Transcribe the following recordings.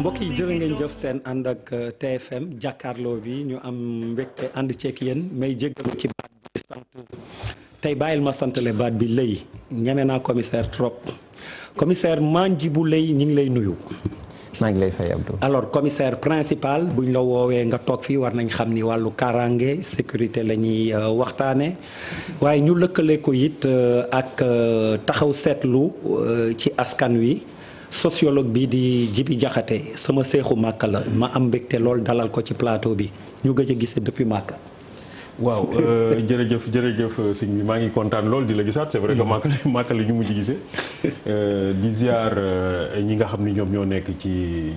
mbokk yi jërë ngeen jëf seen ànd ak euh, TFM jàkkaarloo bi ñu am mbégte ànd ceek yéen may jéggalu ci baat bi sant tey bàyyil ma santale baat bi lëy ñeme naa commissaire trop commissaire Mandjibou Leye ñu ngi lay nuyu. maa ngi lay fay Abdou. alors commissaire principal bu ñu la woowee nga toog fii war nañ xam ni wàllu kaaraange sécurité la ñuy euh, waxtaane waaye ñu lëkkale ko it euh, ak taxaw seetlu ci askan wi. sociologue bi di Jibi Jaxate sama seexu màkk la ma am mbégte lool dalal ko ci plateau bi ñu nga a gise depuis màkk waaw euh, jërëjëf jërëjëf euh, sëñ bi maa ngi kontaan lool di la gisaat c'est vrai que màkk la màkk la ñu mujj gisee euh, di ziar ñi nga xam ni ñoom ñoo nekk ci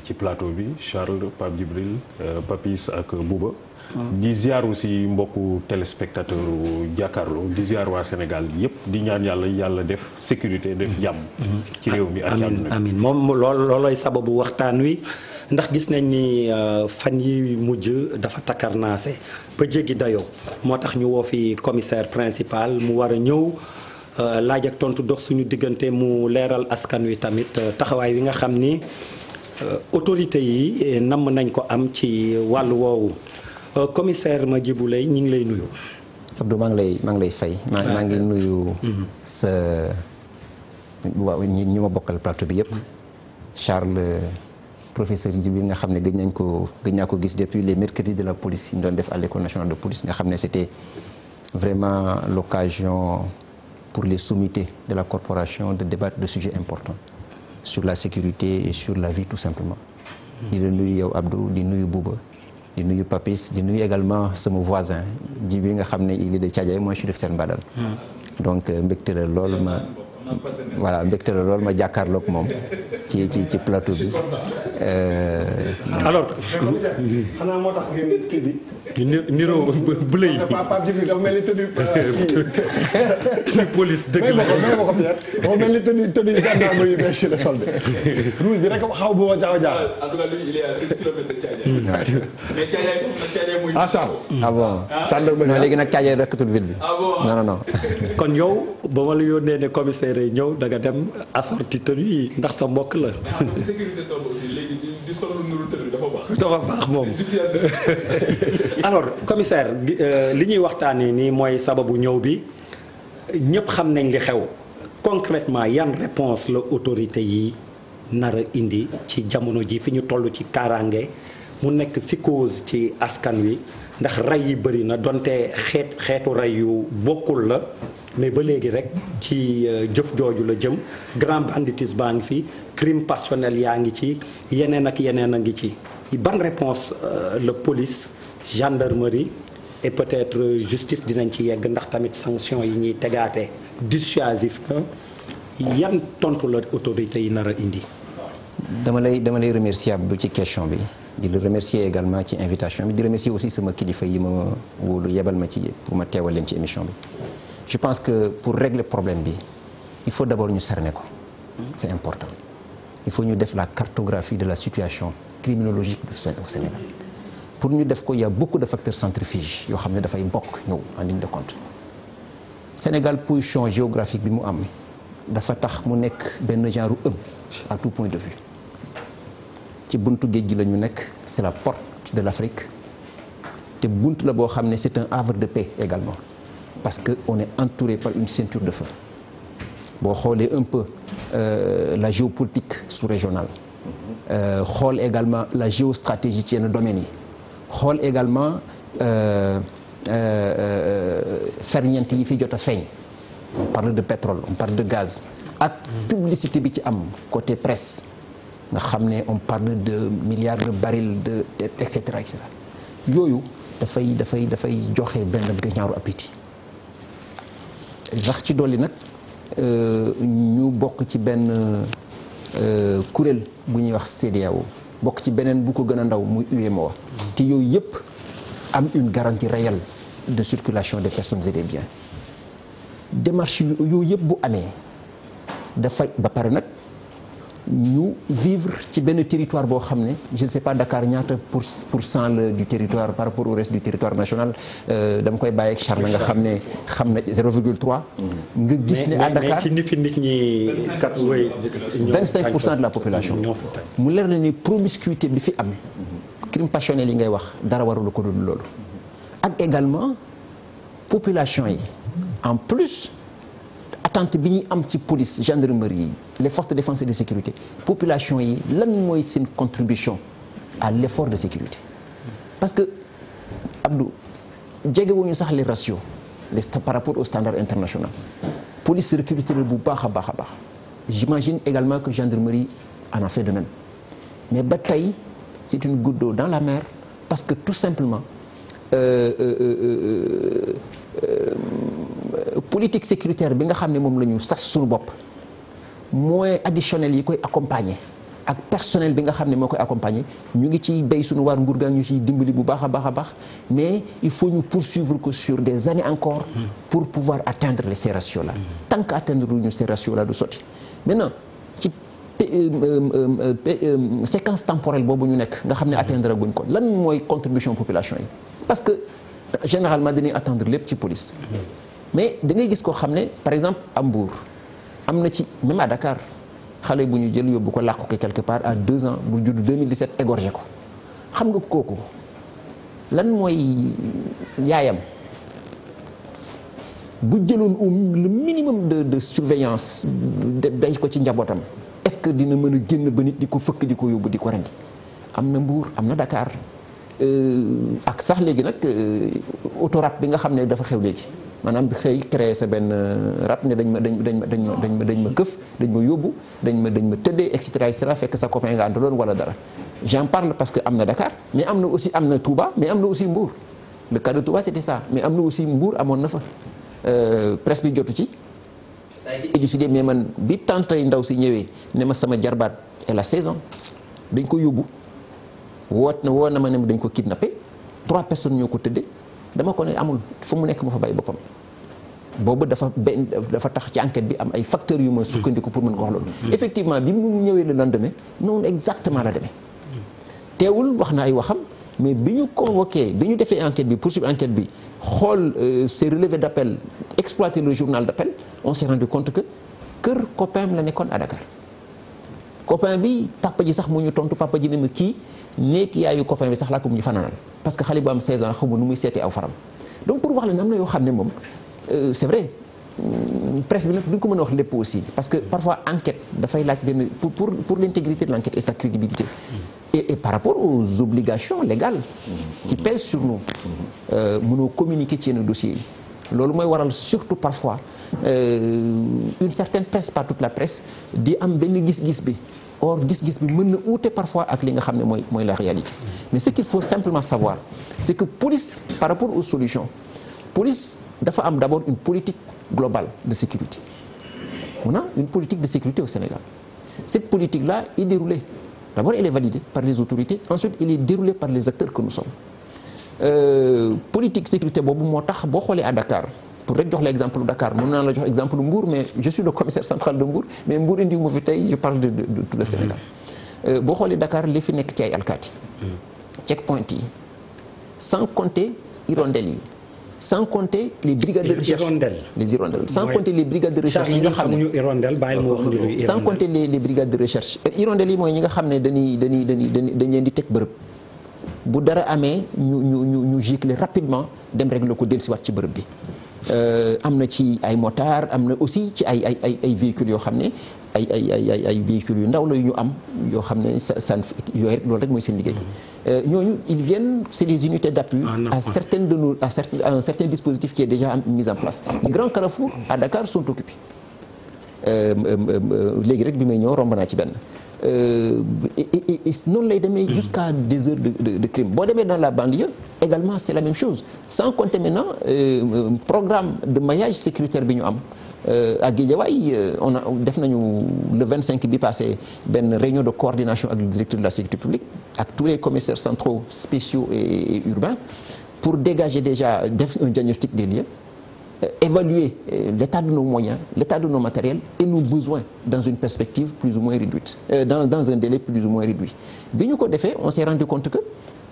ci plateau bi Charles Pape Djibril Papis ak Bouba di ziar si mbokku téléspectateur jàkkaarloo di ziar waa Sénégal yépp di ñaan yàlla yàlla def sécurité def mm-hmm. jàmm. ci mm-hmm. réew mi ak amiin amiin moom lool loolooy sababu waxtaan wi. ndax gis nañ ni euh, fan yi mujj dafa takkarnaase ba jéggi dayoo moo tax ñu woo fi commissaire principal mu war a ñëw euh, laaj tontu dox suñu diggante mu leeral askan wi tamit euh, taxawaay wi nga xam ni autorité yi eh, namm nañ ko am ci wàll woowu Euh, commissaire Madjibou Leye ñu ngi lay nuyu. Abdou maa ngi lay maa lay fay. maa maa ngi nuyu. Mhm. sa waaw ñi ñi ma bokkal plateau bi yëpp. Charles professeur Djibril nga xam ne gëj nañ ko gëj naa ko gis depuis les mercredis de la police yi ñu doon def à l'école nationale de police nga xam ne c'était vraiment l'occasion pour les soumité de la corporation de débattre de sujets important sur la sécurité et sur la vie tout simplement. Mhm. di la nuyu yow Abdou di nuyu Bouba. di nuyu Papis di nuyu également sama voisin ji bi nga xam ne il est de Thiadiaye mooy Chérif Sène Badal hmm. donc euh, mbégte lool ma voilà mbégte lool ma jàkkaarloog moom ci ci ci plateau bi. Euh, ñu niroo bële yi. Pape Djibril dafa mel ni tenue. Euh, tenue police dëgg la may la soldé. rouge bi rek xaw ma woo jaaw jaax. nag Thiadiaye mooy. Ah, ah, ah. léegi nag Thiadiaye rekkatul ville bi. ah bon kon yow ba ma la yónnee ne commissaire yi ñëw da nga dem assorti tenue yi ndax sa mbokk la. di sol lu nuru dafa baax. moom alors commissaire euh, li ñuy waxtaanee nii mooy sababu ñëw bi ñëpp xam nañ li xew concretement yan réponse la autorité yi nar indi ci jamono ji fi ñu toll ci kaaraange mu nekk si cause ci askan wi ndax rey yi bëri na donte xeet xeetu rey yu bokkul la. mais ba léegi rek ci euh, jëf jooju la jëm grand banditisme baa ngi fi crime passionnel yaa ngi ci yeneen ak yeneen a ngi ci ban réponse euh, la police gendarmerie et peut-être euh, justice dinañ ci yegg ndax tamit sanction yi ñuy tegaate dissuasif na yan tontu la autorité yi nar a indi dama lay dama lay remercier Abdou ci question bi di la remercier également ci invitation bi di remercier aussi sama kilifa yi ma wóolu yebal ma ci pour ma teewal leen ci émission bi je pense que pour régler problème bi il faut d'abord ñu cerner ko c'est important il faut ñu def la cartographie de la situation criminologique au Sénégal pour ñu def ko y a beaucoup de facteurs centrifuges yoo xam ne dafay bokk ñëw en ligne de compte Sénégal position géographique bi mu am dafa tax mu nekk benn genre u ëpp à tout point de vue ci buntu géej gi la ñu nekk c'est la porte de l'Afrique te bunt la boo xam ne c'est un havre de paix également parce que on est entouré par une ceinture de feu boo xoolee un peu euh, la géopolitique sous-régionale euh, xool également la géostratégie ci yenn domaines yi xool également euh, euh, ferñeent yi fi jot a feeñ on parle de pétrole on parle de gaz ak publicité bi ci am côté presse nga xam ne on parle de milliards de barils de et yooyu dafay dafay dafay joxe benn gañaaru appétit rax ci dolli nag euh, ñu bokk ci benn euh, kuréel bu ñuy wax CEDEAO bokk ci beneen bu ko gën a ndaw muy UEMOA te yooyu yëpp am une garanti réyal de circulation des personnes et des biens démarche yooyu yëpp bu amee dafa ba pare nag ñu vivre ci benn territoire boo xam ne je ne sais pas Dakar ñaata pour pour cent la du territoire par rapport au reste du territoire national euh, dama koy bàyyi ak Charles nga xam ne xam na 0,3. nga gis ne à Dakar mais fi ñi 25 pour cent de la population. mu leer na ni promiscuité bi fi am. crime passionnel yi ngay wax dara warul ko dul loolu. ak également population yi en plus. attente bi ñuy am ci police gendarmerie yi les forces de défense et de sécurité population yi lan mooy seen contribution à l'effort de sécurité parce que Abdou jegewuñu sax les ratios les par rapport au standard international police recruté bu baax a baax a baax j'imagine également que gendarmerie en a fait de même mais ba tey c'est une goutte dans la mer parce que tout simplement euh, euh, euh, politique sécuritaire bi nga xam ne moom la ñu sas suñu bopp mooy additionnel yi koy accompagner ak personnel bi nga xam ne moo koy accompagner ñu ngi ci béy suñu waar nguur gaa ñu ciy dimbali bu baax a baax a baax mais il faut ñu poursuivre ko sur des années encore pour pouvoir atteindre ces ratios la tan que atteindre ñu ces ratios là du sotti maintenant ci euh, euh, euh, séquence temporelle boobu ñu nekk nga xam ne atteindre guñ ko lan mooy contribution population yi parce que généralement dañuy attendre lépp ci police mais da ngay gis koo xam ne par exemple am Mbour am na ci même à Dakar xale bu ñu jël yóbbu ko làqu ko quelque part à deux ans bu judd 2017 égorgé ko xam nga kooku lan mooy yaayam bu jëloon um le minimum de de surveillance day ko ci njabootam est-ce que dina mën a génn ba nit di ko fëkk di ko yóbbu di ko rendi am na mbuur am na dakaar Euh, ak sax léegi nag euh, autorap bi nga xam ne dafa xew léegi maanaam xëy créé sa benn euh, rap ne dañ ma dañ dañ ma dañ dañ ma dañ ma këf dañ ma yóbbu dañ ma dañ ma tëddee et cetera fekk sa copain nga àndaloon wala dara j'en parle parce que am na Dakar mais am na aussi am na Touba mais am na aussi Mbour le cas de Touba c'était ça mais am na aussi Mbour amoon na fa presse bi jotu ci élucidé mais man bi tantay ndaw si ñëwee ne ma sama jarbaat et la saison dañ ko yóbbu woo na woo na ma ne dañ ko kidnappé trois personnes ñoo ko tëddee dama ko ne amul fu mu nekk ma fa bàyyi boppam. boobu dafa benn dafa tax ci enquête bi am ay facteurs yu ma sukkandiku pour mën ko wax loolu. Mm. effectivement bi mu ñëwee le lendemain noonu exactement la demee. teewul wax na ay waxam mais bi ñu convoqué bi ñu defee enquête bi poursuivre enquête bi xool ces euh, relevés d'appel exploiter le journal d'appel on s'est rendu compte que kër copain la nekkoon à bi papa sax mu ñu tontu papa ma kii. néeg yaayu copain bi sax laa fanaanal parce que xale bu am 16 ans xamul nu muy seetee aw faram donc pour wax la ne am na yoo xam ne moom euh, c'est vrai mm, presse bi nag duñ ko mën a wax lépp aussi parce que parfois enquête dafay laaj benn pour pour l'intégrité de l'enquête et sa crédibilité et par rapport aux obligations légales qui pèsent sur nous euh, mënoo communiquer ci yenn dossiers yi loolu mooy waral surtout parfois euh, une certaine presse pas toute la presse di am benn gis-gis bi or gis-gis bi mën na uute parfois ak li nga xam ne mooy mooy la réalité mais ce qu'il faut simplement savoir c'est que police par rapport aux solutions police dafa am d'abord une politique globale de sécurité on a une politique de sécurité au Sénégal cette politique-là est déroulée d'abord elle est validée par les autorités ensuite elle est déroulée par les acteurs que nous sommes euh, politique sécurité boobu moo tax boo xoolee à Dakar pour rek jox la exemple Dakar mën naa la jox exemple Mbour mais je suis le commissaire central de Mbour mais Mbour indi mu fi tey je parle de de tout Sénégal mm-hmm. euh, boo xoolee Dakar li fi nekk ci ay alkaati mm-hmm. checkpoint yi sans compter hirondelle yi sans compter les brigades de recherche les hirondelles sans compter les brigades de recherche yi nga xam ne euh, sans compter les les brigades de recherche hirondelle yi mooy ñi nga xam ne dañuy dañuy dañuy dañ leen di teg bërëb bu dara amee ñu ñu ñu ñu gicler rapidement dem rek la ko dellusiwaat ci bërëb bi Euh, am na ci ay motards am na aussi ci ay ay ay ay véhicules yoo xam ne ay ay ay ay véhicules yu ndaw la yu ñu am yoo xam ne sa san yooyu rek loolu rek mooy seen liggéey mm-hmm. euh, ñooñu ils viennent c'est des unités d'appui ah, à certaines de nos à certains à un certain dispositif qui est déjà mis en place les ah. grands carrefours à Dakar sont occupés euh, léegi rek bi may ñëw romb naa ci benn Euh, noonu lay demee jusqu'à des heures de de, boo demee dans la banlieue également la même chose sans compter maintenant euh, programme de maillage sécuritaire bi ñu am euh, à Guédiawaye euh, on a def nañu le 25 bi passé benn réunion de coordination ak le directeur de la sécurité publique ak tous les commissaires pour dégager déjà def un diagnostic des lieux Euh, évaluer euh, l'état de nos moyens, l'état de nos matériels et nos besoins dans une perspective plus ou moins réduite, euh, dans, un délai plus ou moins réduit. Bi ñu ko defee on s'est rendu compte que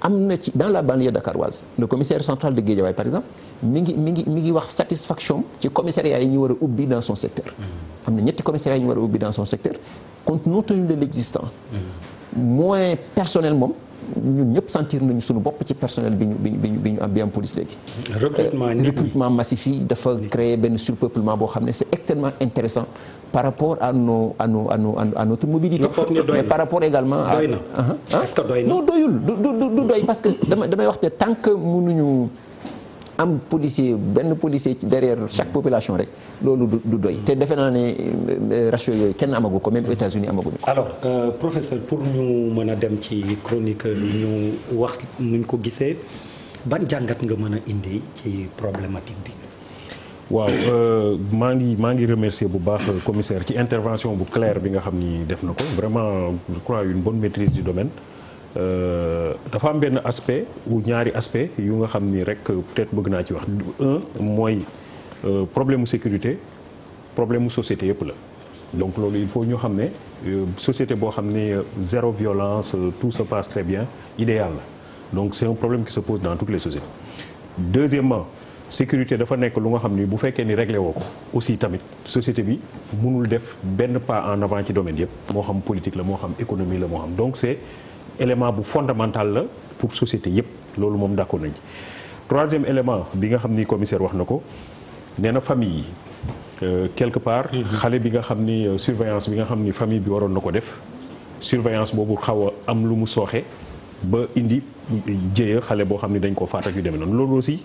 am na ci dans la banlieue dakaroise le commissaire central de Guédiawaye par exemple mi ngi mi ngi mi wax satisfaction ci commissariat yi ñu war a ubbi dans son secteur. Mm-hmm. am na ñetti commissariat yi ñu war a ubbi dans son secteur compte non tenu mm-hmm. moins personnel moom. ñun ñëpp sentir nañu suñu bopp ci personnel bi ñu bi ñu bi ñu bi am police léegi. recrutement euh, massif dafa créer benn surpeuplement boo xam ne c'est extrêmement intéressant par rapport à nos à nos à nos à notre mobilité. mais par rapport également à. Ah, ah. doyul du doy parce que damay damay wax te am policier benn policier ci derrière chaque population rek loolu du doy te defe naa ne euh, ratio yooyu kenn amagu ko même États-Unis amaguñu ko. alors euh, professeur pour ñu mën a dem ci chronique bi ñu wax nuñ ko gisee ban jàngat nga mën a indi ci problématique bi. waaw euh, maa ngi maa ngi remercier bu baax euh, commissaire ci intervention bu claire bi nga xam ni def na ko vraiment je crois une bonne maîtrise du domaine. Euh, dafa am benn aspect ou ñaari aspect yu nga xam ni rek peut-être bëgg naa ci wax un mooy euh, problème mu sécurité problème mu société yëpp la. donc loolu il faut ñu xam ne euh, société boo xam ne zéro violence tout se passe très bien idéal la donc c'est un problème qui se pose dans toutes les sociétés. deuxièmement sécurité dafa nekk lu nga xam ni bu fekkee ni réglé woo ko aussi tamit société bi mënul def benn pas en avant ci domaine yëpp moo xam politique la moo xam économie la moo xam donc c'est élément bu fondamental la pour société yëpp loolu moom d'accord nañ ci troisième élément bi nga xam ni commissaire wax na ko nee na famille yi euh, quelque part mm-hmm. xale bi nga xam ni euh, surveillance bi nga xam ni famille bi waroon na ko def surveillance boobu xaw a am lu mu sooxee ba indi jéeya xale boo xam ni dañ ko faat yu demee noonu loolu aussi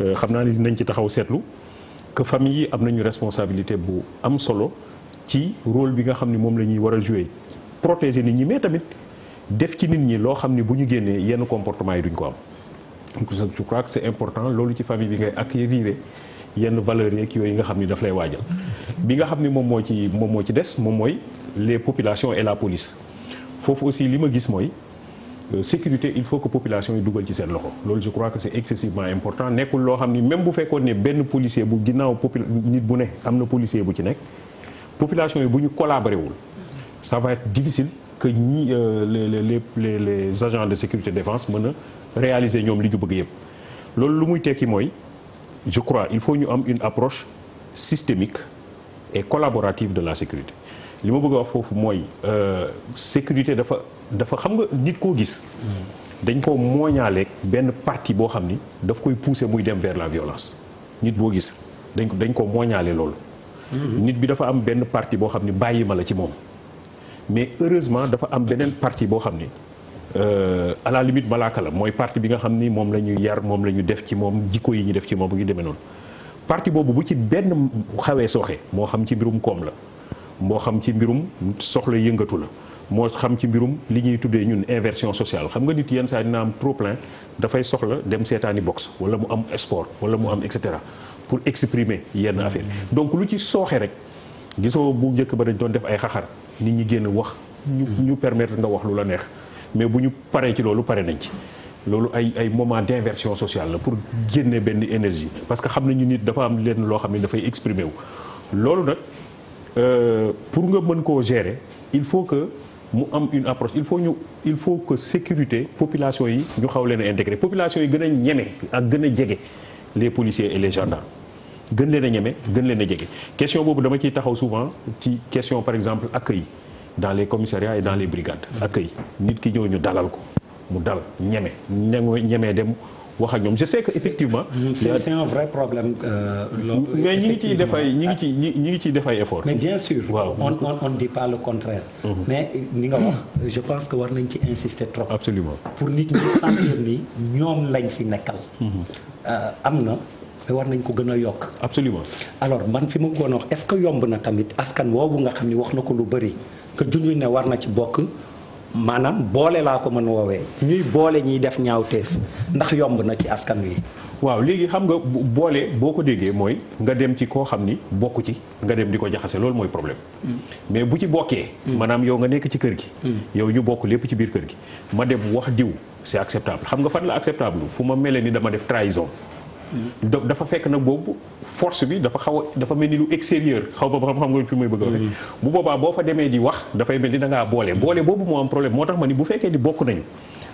euh, xam naa ni dinañ ci taxaw seetlu que famille yi am na ñu responsabilité bu am solo ci rôle bi nga xam ni moom la ñuy war a jouer protéger nit ñi mais tamit def ci nit ñi loo xam ni bu ñu génnee yenn comportement yi duñ ko am donc je crois que c'est important loolu ci famille bi ngay acquérir yenn valeurs yeeg yooyu nga xam ni daf lay waajal bi nga xam ni moom moo ci moom moo ci des moom mooy les population et la police foofu aussi li ma gis mooy euh, sécurité il faut que population yi dugal ci seen loxo loolu je crois que c'est excessivement important nekkul loo xam ni même bu fekkoon ne benn policier bu ginnaaw popul nit bu ne am na policier bu ci nekk population yi bu ñu collaboré ça va être difficile que ñi euh, les les les les agents de sécurité défense mën a réaliser ñoom li ñu bëgg yëpp. loolu lu muy tekki mooy je crois il faut ñu am une approche systémique et collaborative de la sécurité li ma bëgg a foofu mooy euh, sécurité dafa dafa xam nga nit koo gis. dañ ko mooñaaleeg benn partie boo xam ni daf koy pousser muy dem vers la violence nit boo gis dañ ko dañ ko mooñaale loolu. Mm-hmm. nit bi dafa am benn partie boo xam ni bàyyi ma la ci moom. mais heureusement dafa am beneen parti boo xam ni euh, à la limite la mooy parti bi nga xam ni moom la ñu yar moom la ñu def ci moom jikko yi ñu def ci moom bu ñu demee noonu parti boobu bu ci benn xawee sooxee moo xam ci mbirum koom la moo xam ci mbirum soxla yëngatu la moo xam ci mbirum li ñuy tuddee ñun inversion sociale xam nga nit yenn saa dina am trop plein dafay soxla dem seetaani boxe wala mu am sport wala mu am et cetera pour exprimer yenn affaire donc lu ci sooxee rek gisoo bu njëkk ba dañ doon def ay xaxar nit ñi génn wax. ñu ñu permettre nga wax lu la neex mais bu ñu paree ci loolu pare nañ ci. loolu ay ay moment d'inversion sociale la pour génne benn énergie parce que xam nañu nit dafa am lenn loo xam ne dafay exprimer wu. loolu nag euh, pour nga mën koo gérer il faut que mu am une approche il faut ñu il faut que sécurité population yi ñu xaw leen a intégrer population yi gën a ñeme ak gën a jege les policiers et les gendarmes. gën leen a ñeme gën leen a jege question boobu dama ciy taxaw souvent ci question par exemple accueil dans les commissariats et dans les brigades mm-hmm. accueil nit ki ñëw ñu dalal ko mu dal ñeme ñeme dem wax ak ñoom je sais effectivement. c'est un vrai problème. Euh, mais ñi ngi ciy def ñi ngi ciy ñi ngi ciy def ay effort. mais bien sûr. waaw on on on le contraire. Mm-hmm. mais ni nga wax. je pense que war nañ ci insister trop. absolument pour nit ñi sentir ni ñoom lañ fi nekkal. Mm-hmm. Euh, am na. bi war nañ ko gën a yokk. absolument alors man fi ma gën a wax est-ce que yomb na tamit askan woowu nga xam ni wax na ko lu bëri nga junj ne war na ci bokk maanaam boole laa ko mën woowee ñuy boole ñiy def ñaaw ñaawteef ndax yomb na ci askan wi. waaw léegi xam nga boole boo ko déggee mooy nga dem ci koo xam ni bokk ci nga dem di ko jaxase loolu mooy problème mm. mais bu ci bokkee mm. maanaam yow nga nekk ci kër gi mm. yow ñu bokk lépp ci biir kër gi ma dem wax diw c'est acceptable xam nga fan la acceptable fu ma mele ni dama def trahison dafa fekk nag boobu force bi dafa xaw a dafa mel ni lu extérieur xaw ba xam nga fi muy bëgg a mm-hmm. bu boobaa boo fa demee di wax dafay mel ni da ngaa boole boole boobu moo am problème moo tax ma ni bu fekkee ni bokk nañu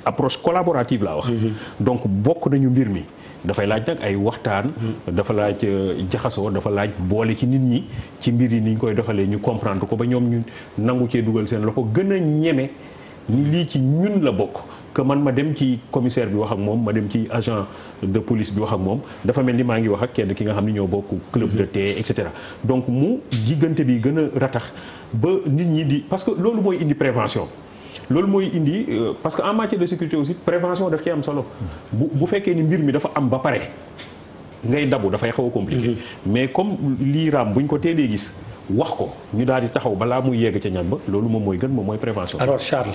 approche collaborative laa wax mm-hmm. donc bokk nañu mbir mi dafay laaj nag ay waxtaan mm-hmm. dafa laaj euh, jaxasoo dafa laaj boole ci nit ñi ci mbir yi ni ñu koy doxalee ñu comprendre ko ba ñoom ñu nangu cee dugal seen loxo gën a ñeme ni lii ci ñun la bokk que man ma dem ci commissaire bi wax ak moom ma dem ci agent de police bi wax ak moom dafa mel ni maa ngi wax ak kenn ki nga xam ni ñoo bokk club de thé et cetera donc mu diggante bi gën a ratax ba nit ñi di parce que loolu mooy indi prévention loolu mooy indi euh, parce que en matière de sécurité aussi prévention daf ci am solo bu bu fekkee ni mbir mi dafa am ba pare ngay dabu dafay xaw a compliqué mm-hmm. mais comme lii raam buñ ko teelee gis wax ko ñu daal di taxaw balaa muy yegg ca ñam ba loolu moom mooy gën moom mooy prévention alors Charles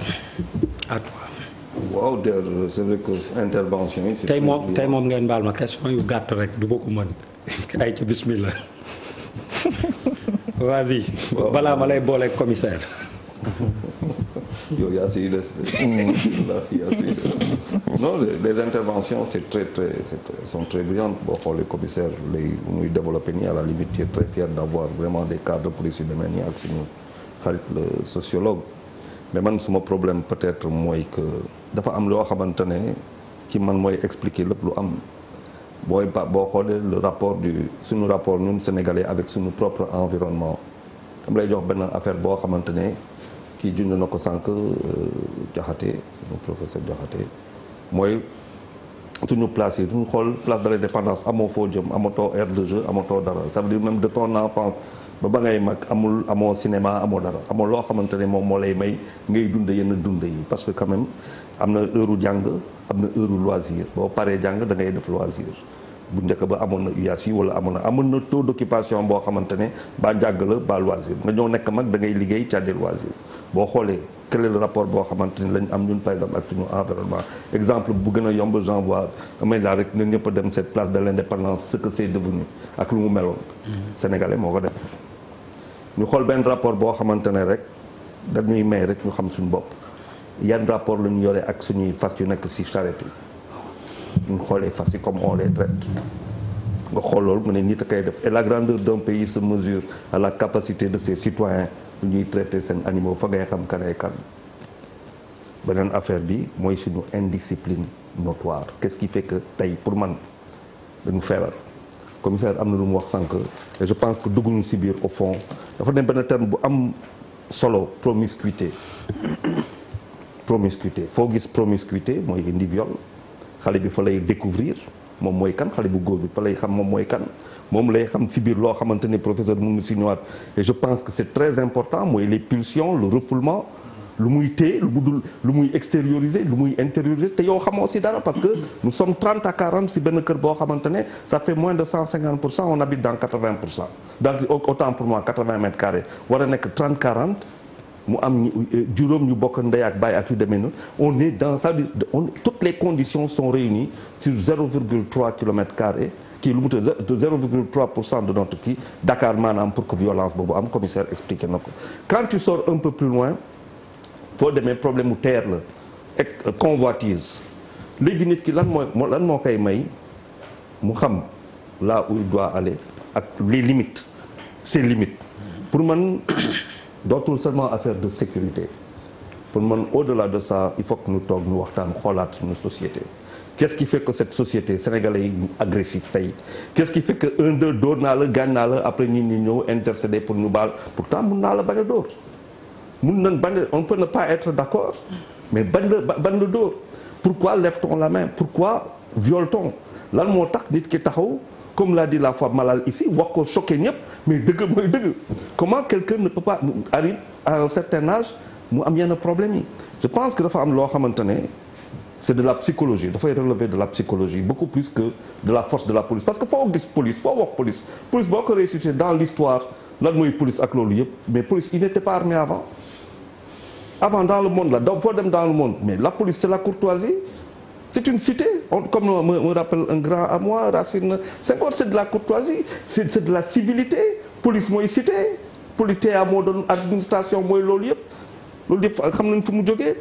waaw der c'est yi. tey moom tey moom ngeen baal ma question yu gàtt rek du ma ko mën ay ca bismillah vas-y balaa ma lay booleeg commissaire. yow yaa siy des non les interventions c'est très très c'est sont boo xoolee commissaire lay muy développé nii à la limite tu es très fier d'avoir vraiment des cadres police demee nii ak suñu xarit le sociologue mais man suma problème peut-être mooy que. dafa am loo xamante ne ci man mooy expliquer lépp lu am booy ba boo xoolee le rapport du suñu rapport ñun sénégalais avec suñu propre environnement am lay jox benn affaire boo xamante ne kii junj na ko sànq euh, Diakhaté suñu professeur Diakhaté mooy suñu place yi suñu xool place de l'indépendance amoo foo jëm amatoo aire de jeu amatoo dara ça veut dire même de ton enfance ba ba ngay mag amul amoo cinéma amoo dara amoo loo xamante ne moom moo lay may ngay dund yenn dund yi parce que quand am na heure jàng am na heure loisir boo paree jàng da ngay def loisir bu njëkk ba amoon na UAS yi wala amoon na amoon na taux d'occupation boo xamante ne ba jàng la ba loisir nga ñëw nekk mag da ngay liggéey cadde loisir boo xoolee quel le rapport boo xamante ni lañ am ñun par exemple ak suñu environnement exemple bu gën a yomb j'envoie may daal rek na ñëpp a dem cette place de l'indépendance ce que c'est devenu ak lu mu meloon mm-hmm. sénégalais moo ko def xool benn rapport boo xamante ne rek dañuy may rek ñu xam suñu bopp yan rapport la ñu yore ak suñuy fas yu nekk si charrette yi ñu xoolee fas yi comme on les traite nga xool mu ne nit a koy def et la grandeur d'un pays se mesure à la capacité de ses citoyens ñuy traiter seen animaux fa ngay xam kan ay kan beneen affaire bi mooy suñu indiscipline notoire qu'est-ce qui fait que tey pour man dañu feebar commissaire am na lu mu wax sànq et je pense que dugguñu ci biir au fond dafa dem benn terme bu am solo promiscuité promiscuité foo gis promiscuité mooy indi viol xale bi fa lay découvrir moom mooy kan xale bu góor bi fa lay xam moom mooy kan moom lay xam ci loo xamante ni professeur mu ngi si ñëwaat et je pense que c'est très important mooy les pulsions le refoulement lu muy téye lu muy extérioriser lu muy intérioriser te yow xamoo si dara parce que nous sommes 30 à 40 si benn kër boo xamante ne fait moins de pour cent on habite dans pour cent donc autant mu am euh, juróom ñu bokk ndey ak baay ak yu demee noonu on est dans ça on toutes les conditions sont réunies sur 0,3 kilomètre carré kii lu mu tëdd de 0,3 pour cent de notre kii Dakar maanaam pour que violence boobu am commissaire expliqué na ko. quand tu sors un peu plus loin foo demee problème mu terre la ak euh, convoitise léegi nit ki lan mooy lan moo koy may mu xam là où il doit ak les limites ses limites pour man. dootul seulement affaire de sécurité pour man au-delà de ça il faut que ñu toog ñu waxtaan xoolaat suñu société qu'est-ce qui fait que cette société sénégalaise yi agressif tey qu'est-ce qui fait que un deux dóor naa la gaañ naa la après nit ñi ñëw intercéder pour ñu baal pourtant mun naa la bañ a dóor mun nañ bañ on peut ne pas être d'accord mais bañ la bañ la dóor pourquoi lève t la main pourquoi viole-t-on lan moo tax nit ki taxaw comme l'a dit la fois Malal ici wax ko choqué ñëpp mais dëgg mooy dëgg comment quelqu'un ne peut pas arrive à un certain âge mu am yenn problème yi je pense que dafa am loo xamante ne c'est de la psychologie dafay relever de la psychologie beaucoup plus que de la force de la police parce que foo gis police foo wax police police boo ko ressuscité dans l'histoire lan mooy police ak loolu yëpp mais il n'était pas armé avant le monde la donc c'est une cité on, comme me, me rappelle un grand à moi Racine Senghor c'est de la courtoisie c'est c'est de la civilité police mooy cité politéa moo doon administration mooy loolu yëpp loolu yëpp xam nañ fu mu jógee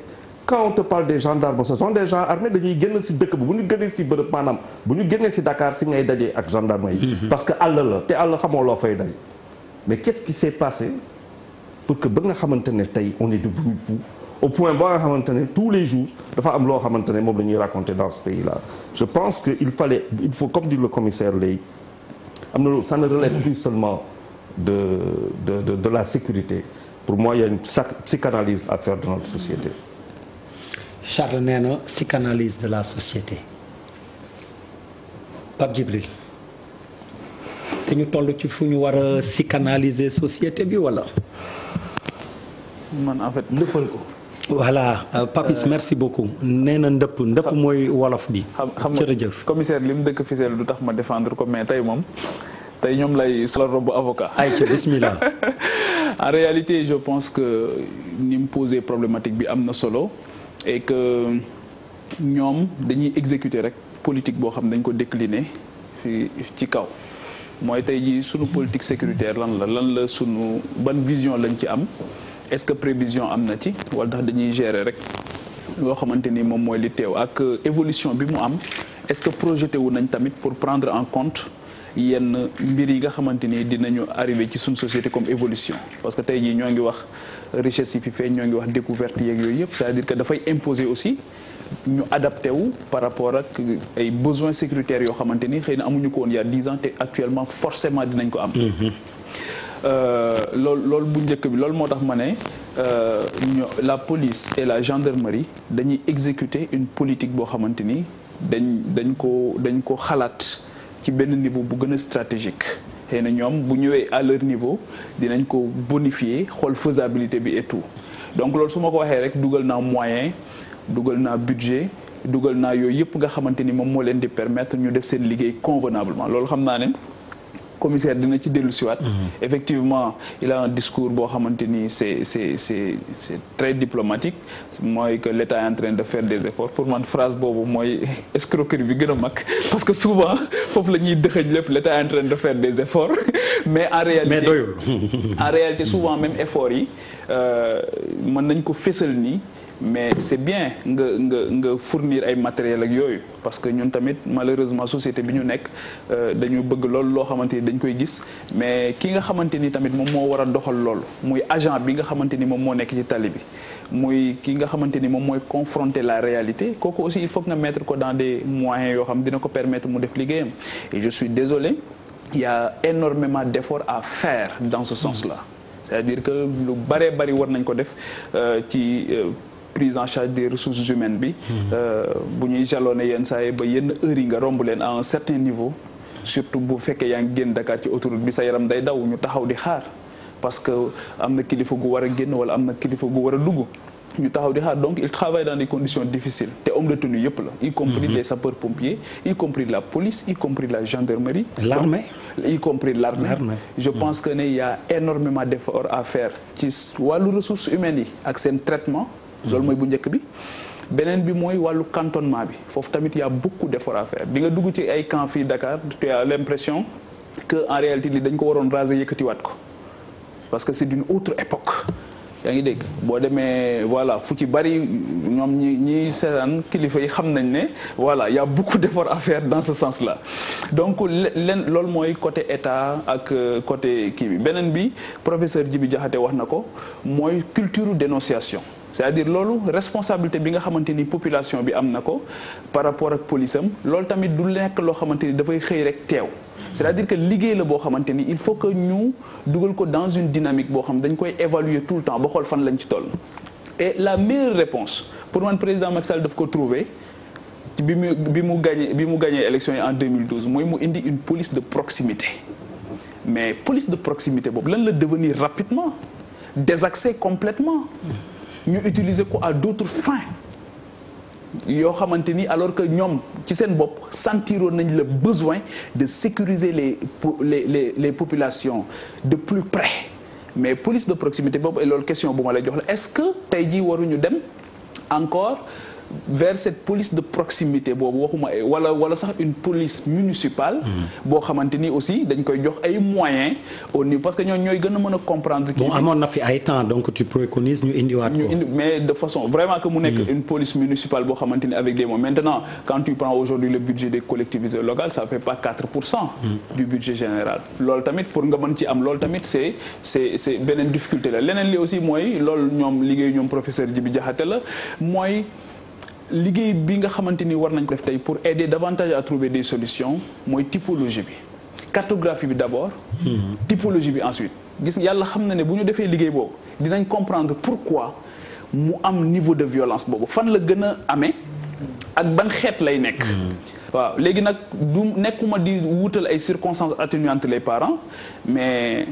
quand on parle des gendarmes ce sont des gens armés dañuy génn si dëkk bi bu ñu génnee ci bërëb maanaam bu ñu génnee ci Dakar ci ngay dajee ak gendarme yi mm-hmm. parce que àll la te àll xamoo loo fay daje mais qu'est-ce qui s'est passé pour nga xamante ne tey on est au point ba nga xamante ne tous les jours dafa am loo xamante ne moom la ñuy raconter dans ce pays là je pense que il fallait il comme dit le commissaire Lay am na ça ne relève plus seulement de de de, de la sécurité pour moi il y a une psychanalyse à faire de notre société. Charles nee na psychanalyse de la société Pape Djibril te ñu toll ci fu ñu war a psychanalyser société bi wala. man en fait lëppal ko. voilà euh, Papis euh, merci beaucoup nee na ndëpp ndëpp mooy wolof bi. jërëjëf commissaire li mu dëkk Fissel du tax ma défendre ko mais tey moom tey ñoom lay sola robu avocat. ay ci bismillah en réalité je pense que ni mu posé problématique bi am na solo et que ñoom dañuy exécuter rek politique boo xam dañ ko décliner fi ci kaw. mooy tey jii sunu politique sécuritaire lan la lan la sunu ban vision lañ ci am. est-ce que prévision am na ci wala tax dañuy gérer rek yoo xamante ni moom mooy li teew ak euh, évolution bi mu am est-ce que projeté wu nañ tamit pour prendre en compte yenn mbir yi nga xamante ni dinañu arrivé ci suñ société comme évolution parce que tey jii ñoo ngi wax richesse yi fi feeñ ñoo ngi wax découverte yeeg yooyu yëpp c'est-à-dire que dafay imposer aussi ñu adapté wu par rapport ak ay besoins sécuritaire yoo xamante ni xëy na amuñu ko woon il y a actuellement forcément dinañ ko am mm-hmm. loolu euh, loolu bu njëkk bi loolu moo tax ma ne euh, la police et la gendarmerie dañuy exécuter une politique boo xamante ni dañ dañ ko dañ ko xalaat ci benn niveau bu gën a stratégique xëy na ñoom bu ñëwee à niveau dinañ ko bonifier xool faisabilité bi et tout donc loolu su ko waxee rek dugal naa moyen dugal naa budget dugal naa yooyu yëpp nga xamante ni moom moo leen di permettre ñu def seen liggéey convenablement loolu xam naa ne commissaire dina ci dellu siwaat mhm. effectivement il a un discours boo xamante ni c'est c'est c'est c'est diplomatique mooy que l'État est en train de faire des efforts pour man phrase boobu mooy escroquerie bi gën a mag parce que souvent foofu la ñuy dëxëj lépp l'État en train de faire des efforts mais en réalité mais doyul en réalité souvent même effort yi euh, mën nañ ko fésal nii mais c'est bien nga nga nga fournir ay matériel ak yooyu parce que ñun tamit malheureusement société bi ñu nekk euh, dañu bëgg loolu loo xamante ni dañ koy gis mais ki nga xamante ni tamit moom moo war a doxal loolu muy agent bi nga xamante ni moom moo nekk ci tali bi muy ki nga xamante ni moom mooy confronter la réalité kooku aussi il faut que nga mettre ko dans des moyens yoo xam dina ko permettre mu def liggéeyam et je suis désolé il y a énormément d'efforts à faire dans ce sens-là que lu bare bari war nañ ko def euh, ci euh, prise en charge des ressources humaines bi euh, bu ñuy jalonné yenn saa yenn heures nga romb leen à un certain niveau surtout bu fekkee yaa ngi génn Dakar ci autoroute bi sa yaram day daw ñu taxaw di xaar parce que am na kilifa gu war a génn wala am na kilifa gu war a dugg ñu taxaw di xaar donc il travaille dans des conditions difficiles te homme de tenue yëpp la y compris mhm. les sapeurs pompiers y compris la police y compris la gendarmerie l'armée y compris l'armée mhm. a Mhm. loolu mooy bu njëkk bi beneen bi mooy wàllu cantonnement bi foofu tamit y a beaucoup affaire à nga dugg ci ay camp fii Dakar tu as l'impression que en réalité li dañ ko waroon raser waat ko parce que c'est d'une autre époque yaa ngi dégg boo demee voilà fu ci bari ñoom ñi ñi seetaan kilifa yi xam nañ ne voilà y a beaucoup affaire dans ce sens la donc len loolu mooy côté état ak euh, côté kii bi beneen bi professeur Djibi Diakhaté wax na ko mooy culture dénonciation c'est-à-dire loolu responsabilité bi nga xamante ni population bi am na ko par rapport ak police am loolu tamit du nekk loo xamante ni dafay xëy rek teew c'est-à-dire que liggéey la boo xamante ni il faut que ñu dugal ko dans une dynamique boo xam dañ koy évaluer tout le temps ba xool fan lañ ci toll et la meilleure réponse pour man président Macky Sall daf ko trouver bi mu bi mu gagné bi mu gagné élection yi en mooy mu indi une police de proximité mais police de proximité boobu lan la devenir rapidement désaxé complètement ñu utiliser ko à d'autres fins yoo xamante ni alors que ñoom ci seen bopp sentiroon nañ le besoin de sécuriser les les les les populations de plus près mais police de proximité boobu et loolu question bu ma lay jox la est-ce que tey jii waruñu dem encore vers cette police de proximité boobu waxuma wala wala sax une police municipale. Hmm. boo xamante ni aussi dañ koy jox ay moyens au niveau parce que ñoo ñooy gën a mën a comprendre. kii amoon na fi ay temps donc tu préconises ñu indiwaat ko. mais de façon vraiment que mu nekk hmm. une police municipale boo xamante ni avec des moyens maintenant quand tu prends aujourd'hui le budget des collectivités locales hmm. loolu tamit pour nga mën ci am loolu tamit c'est c'est c'est beneen difficulté la leneen li aussi mooy loolu ñoom liggéey ñoom professeur Djibi Diakhaté la mooy. liggéey bi nga xamante ni war nañ ko def tey pour aider davantage à trouver des solutions mooy typologie bi cartographie bi d'abord hmm. typologie bi ensuite gis yàlla xam na ne bu ñu defee liggéey boobu dinañ comprendre pourquoi mu am niveau de violence boobu fan la gën a amee ak ban xeet lay nekk hmm. waaw léegi nag du nekkuma di wuutal ay circonstances atténuantes les parents mais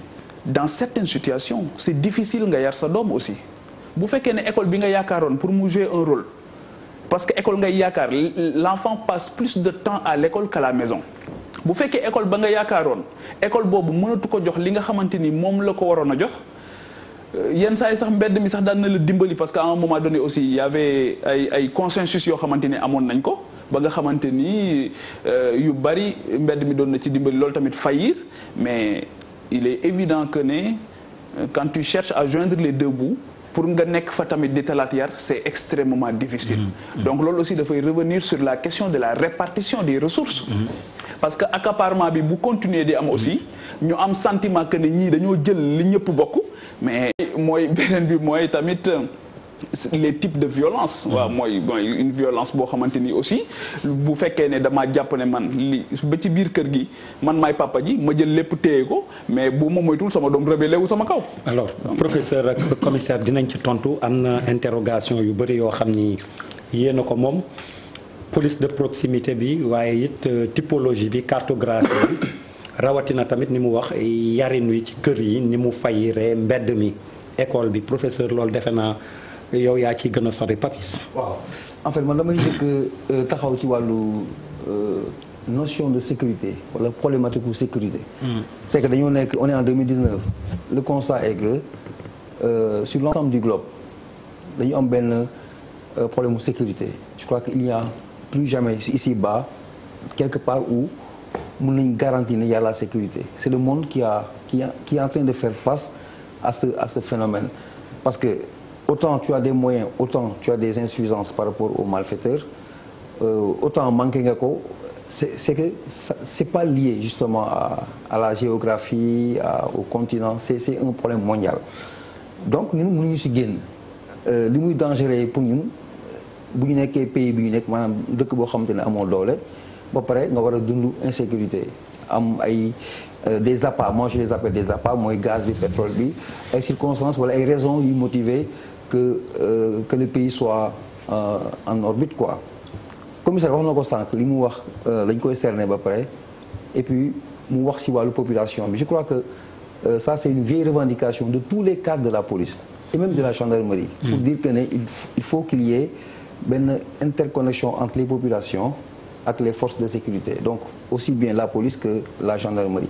dans certaines situation c'est difficile nga yar sa doom aussi bu fekkee ne école bi yaakaaroon pour mu jouer un parce que école ngay yaakaar l'enfant passe plus de temps à l'école qu'à la maison bu fekkee école ba nga yaakaaroon école boobu mënatu ko jox li nga xamante ni moom la ko waroon a jox euh, yenn saa yi sax mbedd mi sax daan na la dimbali parce que à un moment donné aussi ay ay yoo xamante ni amoon nañ ko ba nga xamante ni euh, yu bari mbedd mi doon na ci dimbali loolu tamit faillir mais il est évident que ne euh, quand tu cherches à joindre les deux bouts pour nga nekk fa tamit di talaat yar c'est extrêmement difficile mm-hmm. Mm-hmm. donc loolu aussi dafay revenir sur la question de la répartition des ressources mm-hmm. parce que accaparement bi bu continuer di am aussi ñu am sentiment que ne ñii dañoo jël li ñëpp bokk mais mooy beneen bi mooy tamit euh, les types de violence mm. waaw mooy mooy une violence boo xamante ni aussi bu fekkee ne damaa jàpp ne man li ba ci biir kër gi man maay papa ji ma jël lépp téye ko mais bu ma moytul sama doom rebelle wu sama kaw alors euh, professeur ak commissaire dinañ ci tontu am na interrogation yu bëri yoo xam ni yéen a ko moom police de proximité bi waaye it euh, typologie bi cartographie bi rawatina tamit ni mu wax yarin wi ci kër yi ni mu fayiree mbedd mi école bi professeur loolu defe naa yow yaa ciy gën a sori papis waaw en fait man damay njëkk euh, taxaw ci wàllu euh, notion de sécurité wala problématique ou sécurité hmm. c'est que dañoo nekk on est en 2019 le constat est que euh, sur l'ensemble du globe dañu am benn euh, problème de sécurité je crois qu'il n'y a plus jamais ici-bas quelque part où mën nañu garantir ne y la sécurité c'est le monde qui a est en train de faire face à à ce phénomène parce que autant tu as des moyens autant tu as des insuffisances par rapport aux malfaiteurs euh, autant manqué nga ko c'est c'est que c'est pas lié justement à, à la géographie à, au continent c'est un problème mondial donc mu mënuñu si génn euh, li muy dangereux pour ñun bu ñu nekkee pays bi ñu nekk maanaam dëkk boo xamante ne amoo doole ba pare nga war a dund insécurité am ay euh, des appâts moi je les appelle des appâts mooy gaz bi pétrole bi ay circonstances wala ay raisons yu motivé que euh, que le pays soit euh, en orbite quoi commissaire wax na ko sànq li mu wax euh, dañ koy cerner ba pare et puis mu wax ci wàllu population bi je crois que euh, ça c'est une vieille revendication de tous les cadres de la police et même de la gendarmerie pour mm. dire que ne il faut qu'il y ait benn interconnexion entre les populations ak les forces de sécurité donc aussi bien la police que la gendarmerie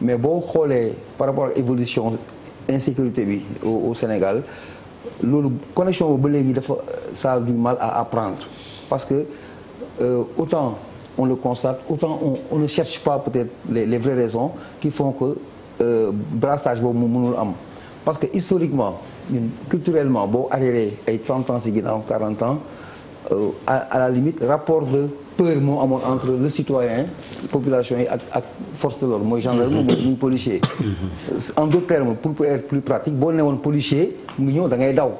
mais boo xoolee par rapport à l'évolution insécurité bi au, au Sénégal loolu connexion boobu ba léegi dafa ça a du mal à apprendre parce que euh, autant on le constate autant on, on ne cherche pas peut-être les, les vraies raisons qui font que euh, brassage boobu mu mënul am parce que historiquement ñun culturellement boo arriéré ay 30 ans ci ginnaaw 40 ans euh, à, à la limite rapport de peur moo entre le citoyen population yi ak ak force de l'ordre mooy gendarme mooy muy policier en d'autres termes pour être plus pratique boo ne woon policier mu ngi ñëw da daw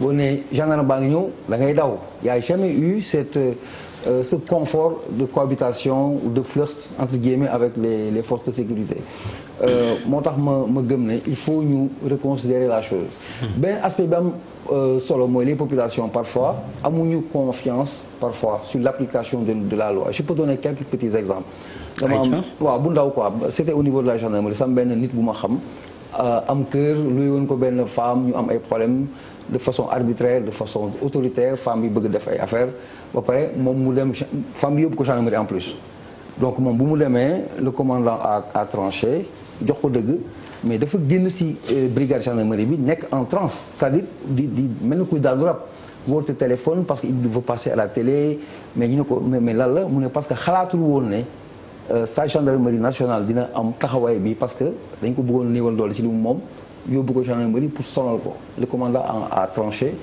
boo ne gendarme baa ngi ñëw da ngay daw y a jamais eu cette euh, ce confort de cohabitation ou de flirt entre guillemets avec les les forces de sécurité euh, moo tax ma ma gëm ne il faut ñu reconsidérer la chose hmm. benn aspect bi Euh, solo mooy les populations parfois amuñu confiance parfois sur l'application de, de la loi je peux donner quelques petits exemples dama am waaw bu ndaw quoi c'était au niveau de la gendarmerie sam benn nit bu ma xam euh, am kër lu woon ko benn femme ñu am ay problème de façon arbitraire de façon autoritaire femme yi bëgg def ay affaire ba pare moom mu dem femme bi yóbbu ko gendarmerie en plus donc moom bu mu demee le commandant a a tranché jox ko dëgg mais dafa génn si euh, brigade gendarmerie bi nekk en transe c'est-à-dire di di mel na kuy daanu rab woote téléphone parce que il veut à la télé mais ñu ne ko mais lan la mu ne parce que xalaatul woon ne euh, sa gendarmerie national dina am taxawaay bi parce que dañ ko bëggoon néewal doole ci li mu moom yóbbu ko gendarmerie pour sonal ko le commandant a tranché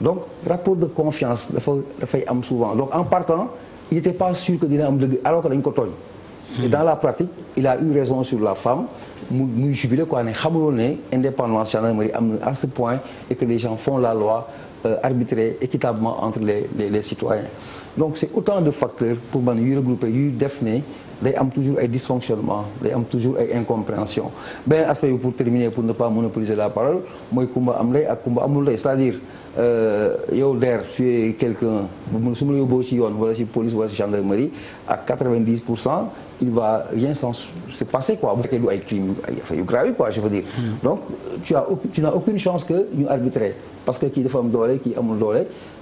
donc rapport de confiance dafa dafay am souvent donc en partant il n'était pas sûr que dina am dëgg alors que dañ ko tooñ et dans la pratique il a la femme mu muy jubilé quoi ne xamuloon ne indépendance gendarmerie am na à ce point et que les gens font la loi euh, arbitrer équitablement entre les, les les citoyens donc c'est autant de facteurs pour man yuy regrouper yuy def ne day am toujours ay dysfonctionnement day am toujours ay incompréhension beneen aspect pour terminer pour ne pas monopoliser la parole mooy kumba am lay ak kumba amul lay c'est-à-dire euh, yow der tu es quelqu'un su ma la yóbboo ci yoon wala ci police wala ci gendarmerie ak pour cent il va rien sans se passer quoi bu fekkee du ay crime yu grave yi quoi je veux dire. Hmm. donc tu as tu n'as aucune chance que ñu arbitrer parce que kii dafa am doole kii amul doole.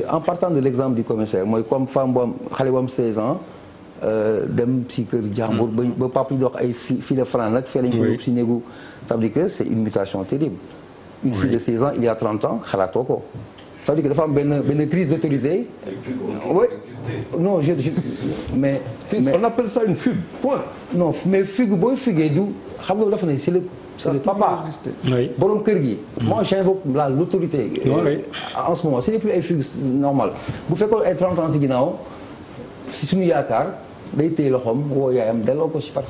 mais en partant de l'exemple du commissaire mooy comme femme bu am xale bu am 16 ans euh, dem si kër jàmbur mm. ba ba papa di wax ay fille de France nag fee lañ ko yóbbu si néegu ça veut dire que c'est une mutation terrible une fille de 16 ans il y a 30 ans xalaatoo ko ça veut dire que dafa am benn benn crise d'autorité oui non je mais on appelle ça une fugue point non mais fugue booy fugee du xam nga dafa ne c'est le ce n'est papa oui. borom kër gi. Hmm. moi j'invoque la autorité euh, Oui. en ce moment ce n'est plus ay fugues normal bu fekkoon ay 30 ans si ginnaaw si suñu yaakaar day téye loxoom woo yaayam delloo ko si par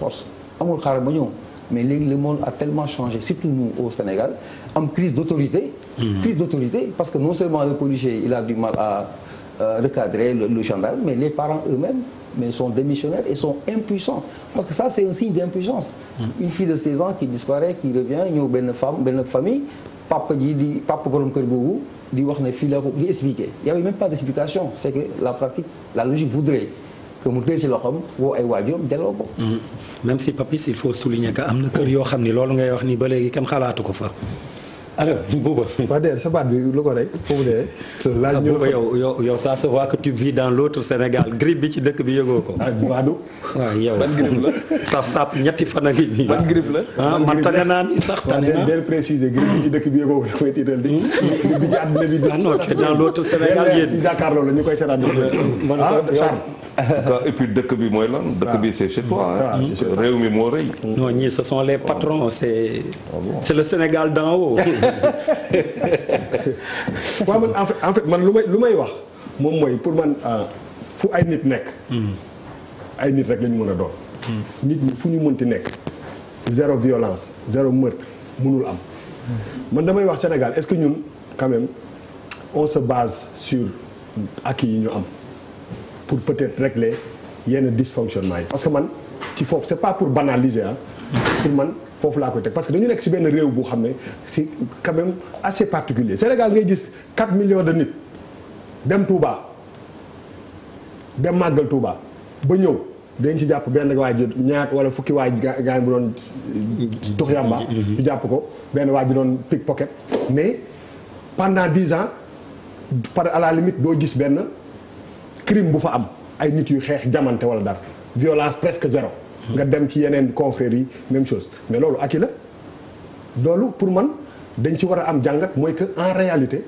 amul xaaral ba ñëw mais léegi le monde a tellement changé surtout nous au Sénégal am crise d'autorité. Hmm. crise d'autorité parce que non seulement le policier il a du mal à euh, recadrer le, le mais les parents eux-mêmes. mais son démissionnaires et sont impuissants. Parce que ça, c'est un signe d'impuissance. Hmm. Une fille de 16 ans qui disparaît, qui revient, ñëw benn femme benn famille papa ji di papa borom kër googu di wax ne fii la ko di expliqué il y avait même pas d'explication c'est que la pratique la logique voudrait que mu téye ci loxoom woo ay waajuram delloo ko. Hmm. même si Papis il faut souligner que am na kër yoo xam ni loolu ngay wax ni ba léegi kenn xalaatu ko fa. alors Bouba. wax dëgg sa baat bi lu ko rey foofu de. laaj ñu yow yow yow ça se voit que tu vis dans l'autre Sénégal grippe bi ci dëkk bi yëgoo ko. ah Badou. waaw yow ban grippe la. saf saf ñetti fan a ngi nii. ba grippe la ah man tane naa ni sax tane naa. waaw del bi ci dëkk bi yëgoo ko da koy tiital di. bi ci àdduna bi. ah non c'est dans l'autre Sénégal yéen. jàkkaarloo la ñu koy seetaan. ah et dëkk bi mooy lan dëkk bi c'est chez ah, réew mi moo rëy non ñii ce sont les ah. patrons c'est ah c'est le Sénégal d'en haut waaw man en fait en fait man lu may lu may wax moom mooy pour man fu ay nit nekk hmm. ay nit rek la mën a doon hmm. nit ñi fu ñu mënti nekk zéro violence zéro meurtre mënul am hmm. man damay wax Sénégal est-ce que ñun quand on se base sur acquis yi ñu am pour peut-être régler yenn dysfonctionnement yi. parce que man ci foofu c'est pas pour banaliser ah. pour man foofu laa koy teg parce que dañu nekk ci benn réew bu xam ne si quand même assez particulier Sénégal ngay gis 4 millions de nit dem Touba dem màggal Touba ba ñëw dañ ci jàpp benn waay ji ñaat wala fukki waay gaa yi bu doon tux yàmba ñu jàpp ko benn waay bi doon pickpocket mais pendant 10 ans par à la limite doo gis benn. crime bu fa am ay nit yu xeex jamante wala dara violence presque zéro. nga dem ci yeneen confrères yi même chose mais loolu ak i la loolu pour man dañ ci war a am jàngat mooy que en réalité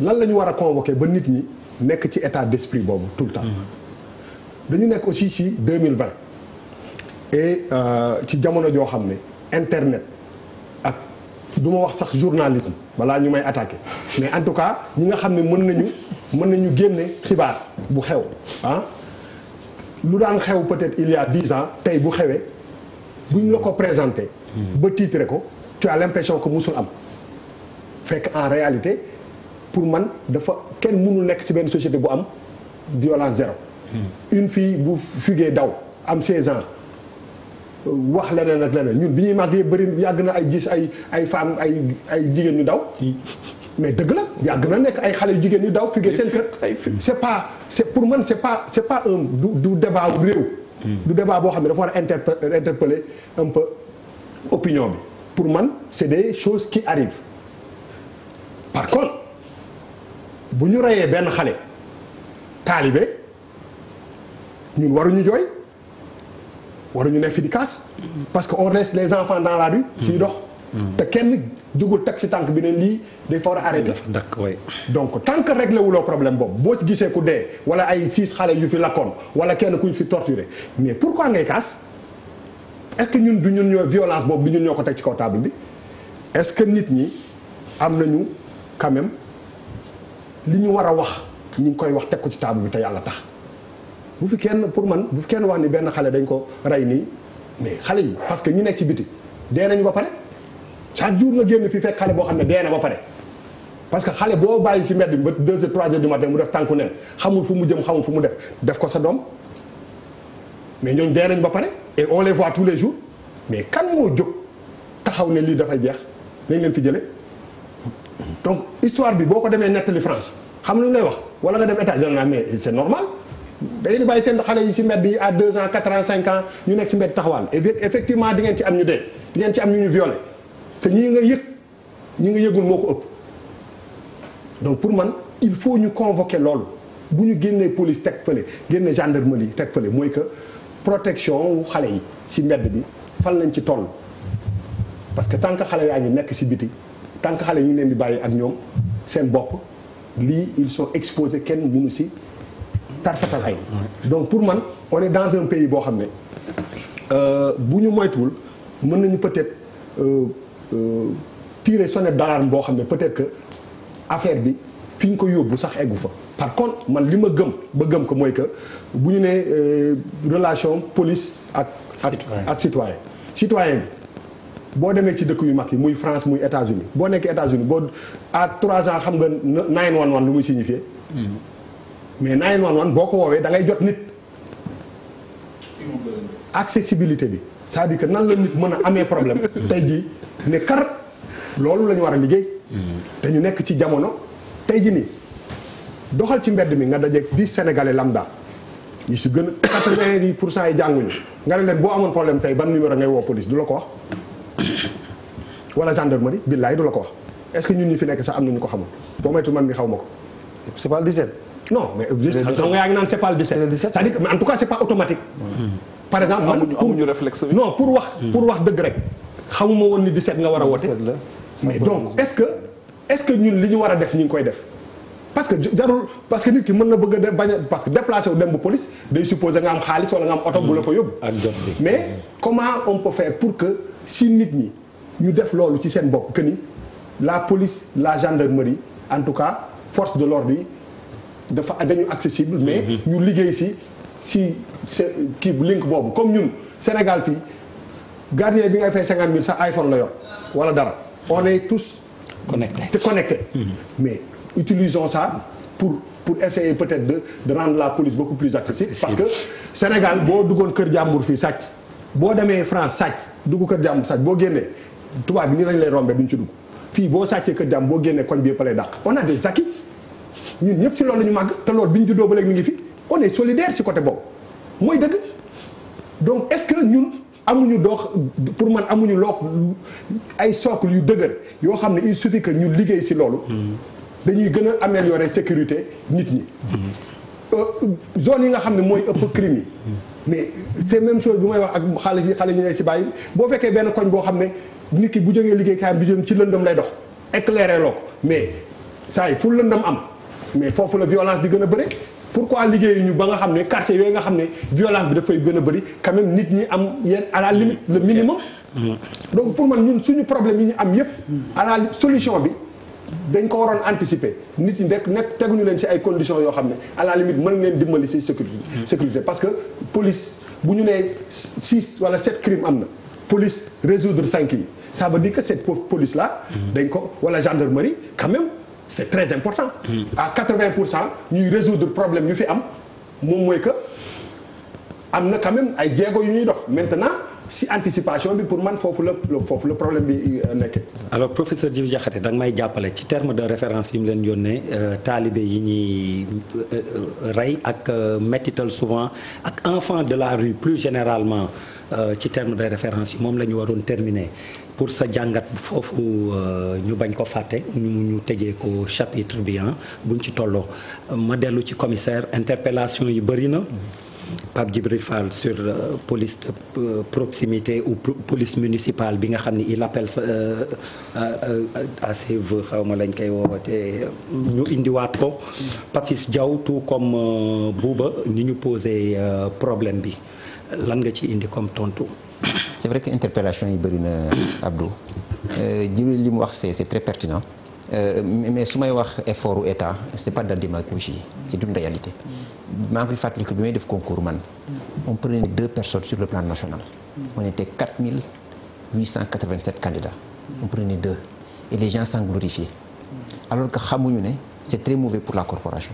lan la ñu war a convoqué ba nit ñi nekk ci état d'esprit boobu tout le temps. Mm-hmm. dañu nekk aussi ci 2020 et euh, ci jamono joo xam ne internet ak du ma wax sax journalisme balaa ñu may attaque mais en tout cas ñi nga xam ne mën nañu mën nañu génne xibaar bu xew ah lu daan xew peut-être il y a dix tey bu xewee buñ la ko présenté. Hmm. ba titre ko tu as l'impression ko mosul am fekk en réalité pour man dafa kenn mënul nekk si benn société bu am violence zéro. Hmm. une fii bu fugee daw am 16 ans euh, wax leneen ak leneen ñun bi ñuy màgg bëri yàgg na ay gis ay ay femmes ay ay jigéen ñu daw. Hmm. mais dëgg la yàgg na nekk ay xale yu jigéen yu daw fugee seen kër c'est pas c'est pour man c'est pas c'est pas un du débat réew hmm. du débat boo xam ne dafa war a interpeller un peu opinion bi pour man c'est des choses qui arrivent par contre bu ñu reyee benn xale taalibe ñun waruñu jooy waruñu nekk fi di kaas parce que on laisse les enfants dans la rue ñuy hmm. dox hmm. te kenn jugul teg si tànk bi ne lii day fawar a arrêté donc tant que réglé wuloo problème boobu boo ci gisee ku dee wala ay six xale yu fi lakkoon wala kenn ku kuñ fi torturé mais pourquoi ngay kaas est-ce que ñun du ñun ñoo violence boobu bi ñun ñoo ko teg ci kaw table bi est-ce que nit ñi am nañu quand li ñu war a wax ñu ngi koy wax teg ko ci table bi te yàlla tax bu fi kenn pour man bu fi kenn wax ni benn xale dañ ko rey nii mais xale yi parce que ñi nekk ci biti dee nañu ba pare chaque jour nga génn fi fekk xale boo xam ne dee na ba pare parce que xale boo bàyyi ci mbedd bi ba 2 heures 3 heures du matin mu def tànku neen xamul fu mu jëm xamul fu mu def def ko sa doom mais ñooñu dee nañ ba pare on les voit tous les jours mais kan moo jóg taxaw ne lii dafay jeex nañ leen fi jële donc histoire bi boo ko demee nettali France xam lu lay wax wala nga dem état dana naa mais c'est normal dañuy bàyyi seen xale yi ci yi à 2 ans 4 ans 5 nekk ci mbedd taxawaan et effectivement di ngeen ci am ñu dee di ngeen am ñu ñu violé te ñi nga yëg ñu nga yëgul moo ko ëpp donc pour man il faut ñu convoquer loolu bu ñu génnee police teg fële génne gendarmerie teg fële mooy que protection wu xale yi ci mbedd bi fan lañ ci toll parce que tant que xale yaa ngi nekk ci biti tant que xale ñu ngi leen di bàyyi ak ñoom seen bopp lii ils sont exposés kenn mënu ci tarfatal ay donc pour man on est dans un pays boo xam ne euh, bu ñu moytuwul mën nañu peut-être. Euh, tirer sonnette d'alarme boo xam ne peut-être que affaire bi fi ñu ko yóbbu sax eggu fa. par contre man li ma gëm ba gëm ko mooy que bu ñu nee euh, relation police ak. ak ak citoyen citoyen bi boo demee ci dëkk yu mag yi muy France muy États-Unis boo nekk États-Unis boo à trois ans xam nga 911 lu muy signifier hmm. mais 911 boo ko woowee da ngay jot nit. accessibilité bi cest à que nan la nit mën a amee problème tey jii. ne kar loolu lañu war a liggéey. Mm-hmm. te ñu nekk ci jamono tey ji nii doxal ci mbedd mi nga dajeeg di sénégalais lambda ñu si gën a quatre-vingt-dix pour cent yi jànguñu nga ne leen boo amoon problème tey ban numéro ngay woo police du la ko wax wala gendarmerie billaay du la ko wax est-ce que ñun ñu fi nekk sax am na ñu ko xamul boo moytu man mi xaw ma ko. c'est pas le 17. non mais juste xam nga yaa ngi naan c'est pas le 17. c'est-à-dire en tout cas c'est pas automatique. Mm-hmm. par exemple man amuñu amuñu réflexe non wax. pour wax dëgg rek. xamuma woon ni 17 nga war a woote. mais donc est-ce que est-ce que ñun li ñu war a def ñu ngi koy def. parce que jarul parce que nit ki mën na bëgg a dem bañ parce que déplacé wu dem bu police day supposé nga am xaalis wala nga am oto bu la ko yóbbu. mais comment on peut faire pour que si nit ñi ñu def loolu ci seen bopp que ni la police la gendarmerie en tout cas force de l'ordre yi dafa dañu accessible. mais mm-hmm. ñu liggéey si si kii link boobu comme ñun Sénégal fii. gardien bi ngay fay cinquante mille sax iPhone la yor wala dara on est tous. connectés te Mm -hmm. mais utilison ça pour pour essayer peut-être de de rendre la police beaucoup plus accessible. parce que Sénégal boo duggoon kër jàmbur fii sàcc. boo demee France sàcc dugg kër jàmbur sàcc boo génnee tubaab bi nii lañ lay rombee bu ñu ci dugg fii boo sàccee kër jàmbur boo génnee koñ bi yëpp lay dàq. on a des acquis ñun ñëp ci loolu la ñu màgg te lool bi ñu juddoo ba léegi mi ngi fi on est solidaire ci côté boobu amuñu doox pour man amuñu look ay socle yu dëgër yoo xam ne il su que ñu liggéey si loolu. dañuy gën a améliorer sécurité nit ñi. Euh, zone yi nga xam ne mooy ëpp crime yi. mais c'est même chose bu may wax ak xale yi xale ñu ne si bàyyi boo fekkee benn koñ boo xam ne nit ki bu jógee liggéeykaayam bi jëm ci lëndëm lay dox éclairé loo ko mais saa yi fu lëndëm am mais foofu la violence di gën a bëre. pourquoi liggéeyi ñu ba nga xam ne quartier yooyu nga xam ne violence bi dafay gën a bëri quand nit ñi am yenn à la limite le minimum. donc pour man ñun suñu problème yi ñu am yëpp. à solution bi. dañ ko waroon anticiper nit ñi nekk nekk teguñu leen ci ay conditions yoo xam ne à la limite mën ngeen dimbali ci sécurité. sécurité parce que police bu ñu nee six wala sept crimes am na police résoudre cinq yi ça veut dire que cette police là. dañ ko wala gendarmerie quand même. c'est très important. à 80 pour cent ñuy résoudre problème yu fi am moom mooy que am na quand ay jéego yu ñuy dox maintenant si anticipation bi pour man foofu la foofu la problème bi euh, nekk. alors professeur Djibi Diakhaté da nga may jàppale ci terme de référence yi mu leen yónnee euh, taalibe yi ñuy euh, rey ak métital souvent ak enfant de la rue plus généralement ci terme de référence yi la ñu waroon terminer. pour sa jàngat foofu euh, ñu bañ ko fàtte ñu ñu tëjee ko chapitre bi ah buñ ci tolloo ma dellu ci commissaire interpellation yi bëri na. Pape Djibril Fall sur euh, police de euh, proximité ou police municipale bi nga xam ni il appelle sa à ses xaw ma lañ koy woowatee ñu indiwaat ko. Papis Diaw tout comme Bouba ni ñu posé problème bi lan nga ci indi comme tontu. c'est vrai que interpellation yi bëri na Abdou euh, Djibril li mu wax c'est c'est très pertinent euh, mais su may wax effort u état c'est pas de la démagogie c'est une réalité maa ngi koy fàttali que bi may def concours man on prenait deux personnes sur le plan national on était 4887 candidats on prenait deux et les gens s'en glorifiaient alors que xamuñu ne c'est très mauvais pour la corporation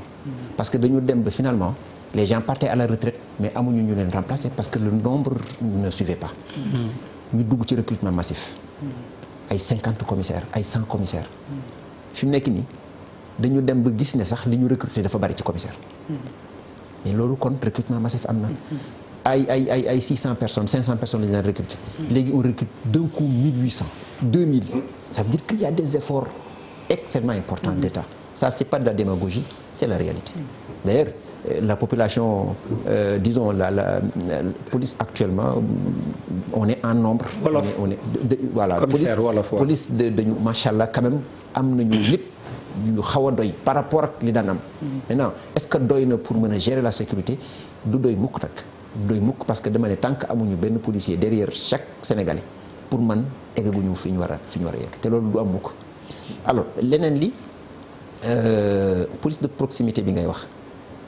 parce que dañu dem ba finalement les gens partaient à la retraite mais amuñu ñu leen remplacer parce que le nombre ne suivait pas. Mm-hmm. ñu dugg ci recrutement massif. Mm-hmm. ay cinquante commissaires ay cent commissaires. fi mu nekk nii dañu dem ba gis ne sax li ñu recruter dafa bari ci commissaire. Mm-hmm. mais loolu kon recrutement massif am na. ay ay ay ay six cent personnes cinq cent personnes la ñu daan recruter. léegi on recrute d'un coup mille huit cent deux mille. ça veut dire qu'il y a des efforts extrêmement importants d'État. ça c'est pas de la démagogie c'est la réalité d'ailleurs. Euh, la population, euh, disons, la, la, la, police actuellement, on est en nombre. Wolof. On est, on est de, de, police, de dañu macha allah quand am nañu lépp yu xaw a doy par rapport ak li daan am. maintenant est-ce que doy na pour mën a gérer la sécurité du doy mukk nag doy mukk parce que dama ne tant amuñu benn policier derrière chaque Sénégalais pour man eggaguñu fi ñu war a fi ñu war a yegg te loolu du am mukk alors leneen li euh, police de proximité bi ngay wax.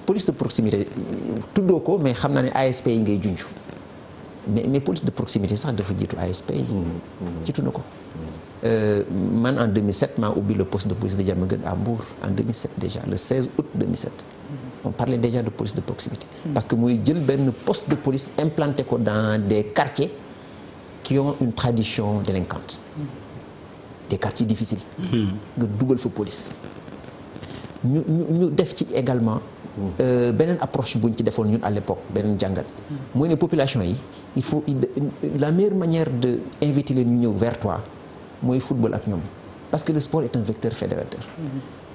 police de proximité tuddoo ko mais xam naa ne ASP yi ngay junj mais mais police de proximité sax dafa jiitu ASP yi. Mm-hmm. jiitu na ko. Mm-hmm. Euh, man en 2007 maa ubbi le poste de police de Diamaguène à Mbour en 2007 le 16 août 2007. Mm-hmm. police de proximité. parce que muy jël benn poste de police implanté ko dans des quartiers qui ont une tradition délinquante. des quartiers difficiles. nga dugal fa police. ñu ñu ñu def ci également. Euh, beneen approche buñ ci defoon ñun à l'époque beneen jàngat. mooy ne population yi il faut la meilleure manière de inviter leen ñu ñëw vers toi mooy football ak ñoom parce que le sport est un vecteur fédérateur.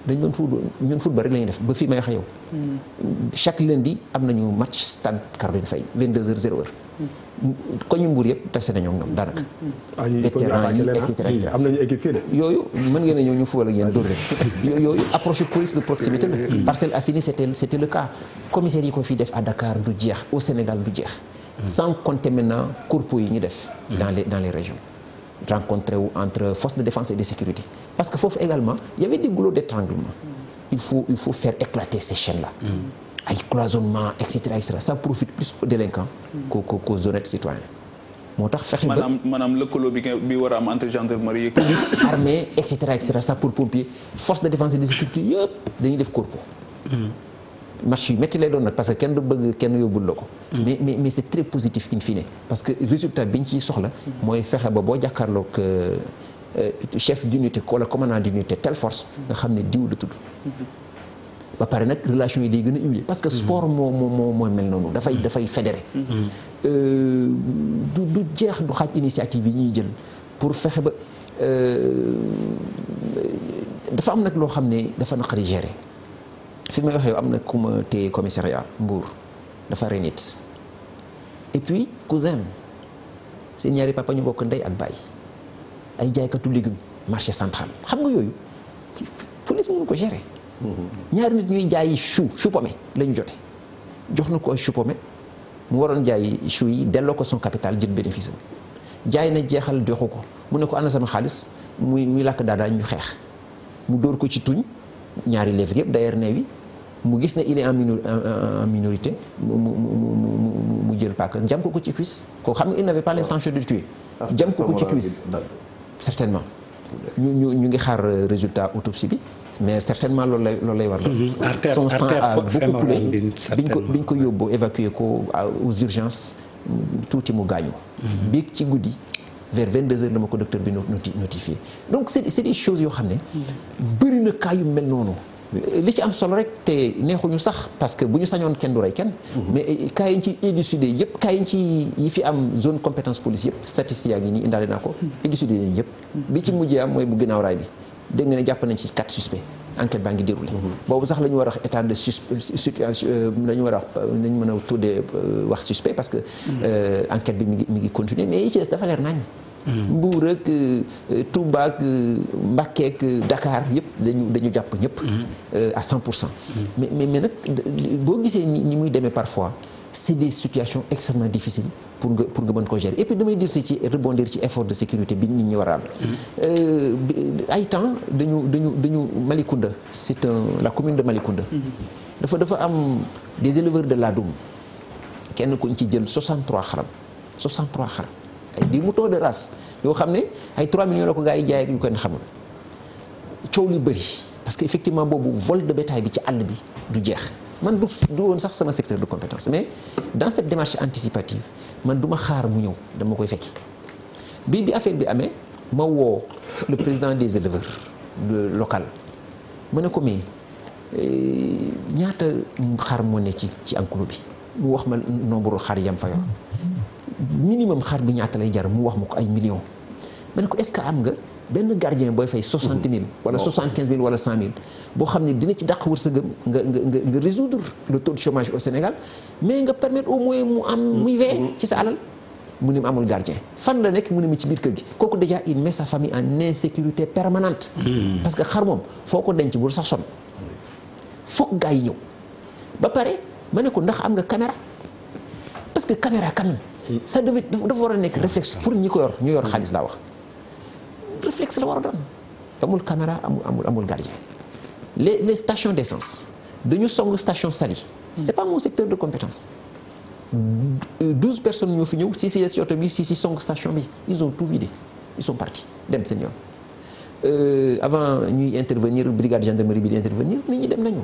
dañ ñoon football ñun football rek la ñuy def ba fii may wax yow. Mm. chaque di am nañu match stade Caroline Faye 22h 0h. ko ñu mbuur yëpp tase nañoo ñoom daanaka. vétérans ah, ah. am nañu yooyu mën ngeen a ñëw ñu fubal ak yéen dóor leen yooyu approche politique de proximité la. Parcelles Assainies c'était c'était le cas commissaire yi ko fi def à Dakar du jeex au Sénégal du jeex. sans compter maintenant yi ñu def. dans les dans les régions. rencontré wu entre forces de défense et de sécurité parce que foofu également y avait des goulots d'étranglement. il faut il faut faire éclater ces chaînes là. ay cloisonnement et cetera et cetera ça profite plus aux délinquants. qu'aux qu'aux honnêtes moo tax fexe ba maanaam maanaam lëkkaloo bi bi war am entre gendarmerie yeeg police. armée et cetera et cetera sapeur pompier force de défense de sécurité yëpp dañuy def corpo. Mm-hmm. marche yu métti lay doon nag parce que kenn du bëgg kenn yóbbul la ko. Mm-hmm. mais mais mais très positif in parce que résultat bi ñu ciy soxla. mooy fexe ba boo jàkkaarloog euh, euh, chef d' unité wala commandant d' unité telle force nga xam ne diw la ba pare nag relation yi day gën a huilé parce que sport mhm. moo moo moo mooy mel noonu dafay mhm. dafay fédéré mhm. euh, du jeex du xaaj initiative yi ñuy jël pour fexe ba euh, dafa am nag loo xam ne dafa naqari géré fi may waxee am na ku ma téye commissariat Mbour dafa renit et puis cousin seen ñaari papa ñu bokk ndey ak baay ay jaaykatu légumes marché central xam nga yooyu police mënu ko gérer ñaari nit ñuy jaayi chou chou pommé la jote jox na ko ay chou pommé mu waroon jaay chou yi delloo ko son capital jël bénéfice jaay na jeexal joxu ko mu ne ko na sama xaalis muy muy làkk daadaa ñu xeex mu dóor ko ci tuñ ñaari lèvres yëpp d'ailleurs neew yi mu gis ne il est en en minorité mu mu mu mu jël paaka jam ko ko ci cuisse ko xam ne il n'avait pas l'intention de tuer ah, jam ko ko ci cuisse certainement ñu ñu ñu ngi xaar euh, résultat autopsie bi mais certainement loolu lay loolu lay war la mm-hmm. son sang a beaucoup coulé biñ ko yóbboo ko ko aux urgences tuuti mu gaañu mm-hmm. biig ci guddi vers 22 heures la ma ko docteur bi noti notifié donc c'est c'est des choses yoo xam ne mm-hmm. bëri na cas yu mel noonu li ci am solo rek te neexuñu sax parce que bu ñu sañoon kenn du rey kenn mais eh, cas ci élucidé yëpp cas yi ñu ci yi fi am zone compétence police yëpp statistique yaa ngi nii indaale naa ko élucidé nañu yëpp bi ci mujjee am mooy bu bi dégg nga ne jàpp nañ ci quatre suspects enquête baa ngi déroulé. Mhm. boobu sax la ñu war a wax état de sus situation euh, la war a wax nañ euh, mën a tuddee euh, wax suspect parce que. Mhm. enquête bi mu ngi mi ngi continuer mais yi ci dafa leer mhm. Mbuur ak Touba mbakeek dakaar ak yëpp dañu dañu jàpp ñëpp. à cent pour cent. mais mais mais nag boo gisee ni muy demee parfois. c'est des situations extrêmement difficiles pour nga pour nga mën ko gérer et puis damay dir si ci rebondir ci effort de sécurité bi nit ñi waral mm-hmm. euh, ay temps dañu dañu dañu Malicounda c'est un la commune de Malicounda mm-hmm. dafa dafa am des éleveurs de ladoum kenn kuñ ci jël 63 xaram 63 xar ay di mouton de race yoo xam ne ay 3 millions la ko gars yi jaay ak yu kenn xamul coow li bëri parce que effectivement boobu vol de bi ci àll bi du jeex man du du woon sax sama secteur de compétence mais dans cette démarche anticipative man du ma xaar mu ñëw dama koy fekki bii bi affaire bi amee ma le président des éleveurs local ma ne ko mais eh, ñaata xaar moo ne ci ci enclos bi mu wax ma nombre xaar yam fa yor minimum xaar bi ñaata lay jar mu wax ma ko ay millions ma ko est am nga benn gardien booy fay soixante mille mhm. wala soixante quinze mille wala cent mille boo xam ne dina ci daq dàq wërsëgam nga nga nga résoudre le taux de chômage au Sénégal mais nga permettre au moins mu am mhm. muy veye mhm. ci sa alal mu ne mu amul gardien fan la nekk mu ne mu ci biir kër gi kooku déjà il met sa famille en insécurité permanente parce que xar moom foo ko denc bul sax son foog gaa yi ñëw ba pare ma ne ko ndax am nga caméra parce que caméra quand même mm. ça devait dafa war a nekk réflexe pour ñi ko yor ñu yor xaalis laa réflexe la war a doon amul caméra amul amul amul gardien les les stations d'essence dañu song station Saly c'est pas mon secteur de compétence douze personnes ñoo fi ñëw si si si oto bi si si song station bi ils ont tout vidé ils sont partis dem seen yoon euh, avant ñuy intervenir brigade gendarmerie bi di intervenir nit ñi dem nañu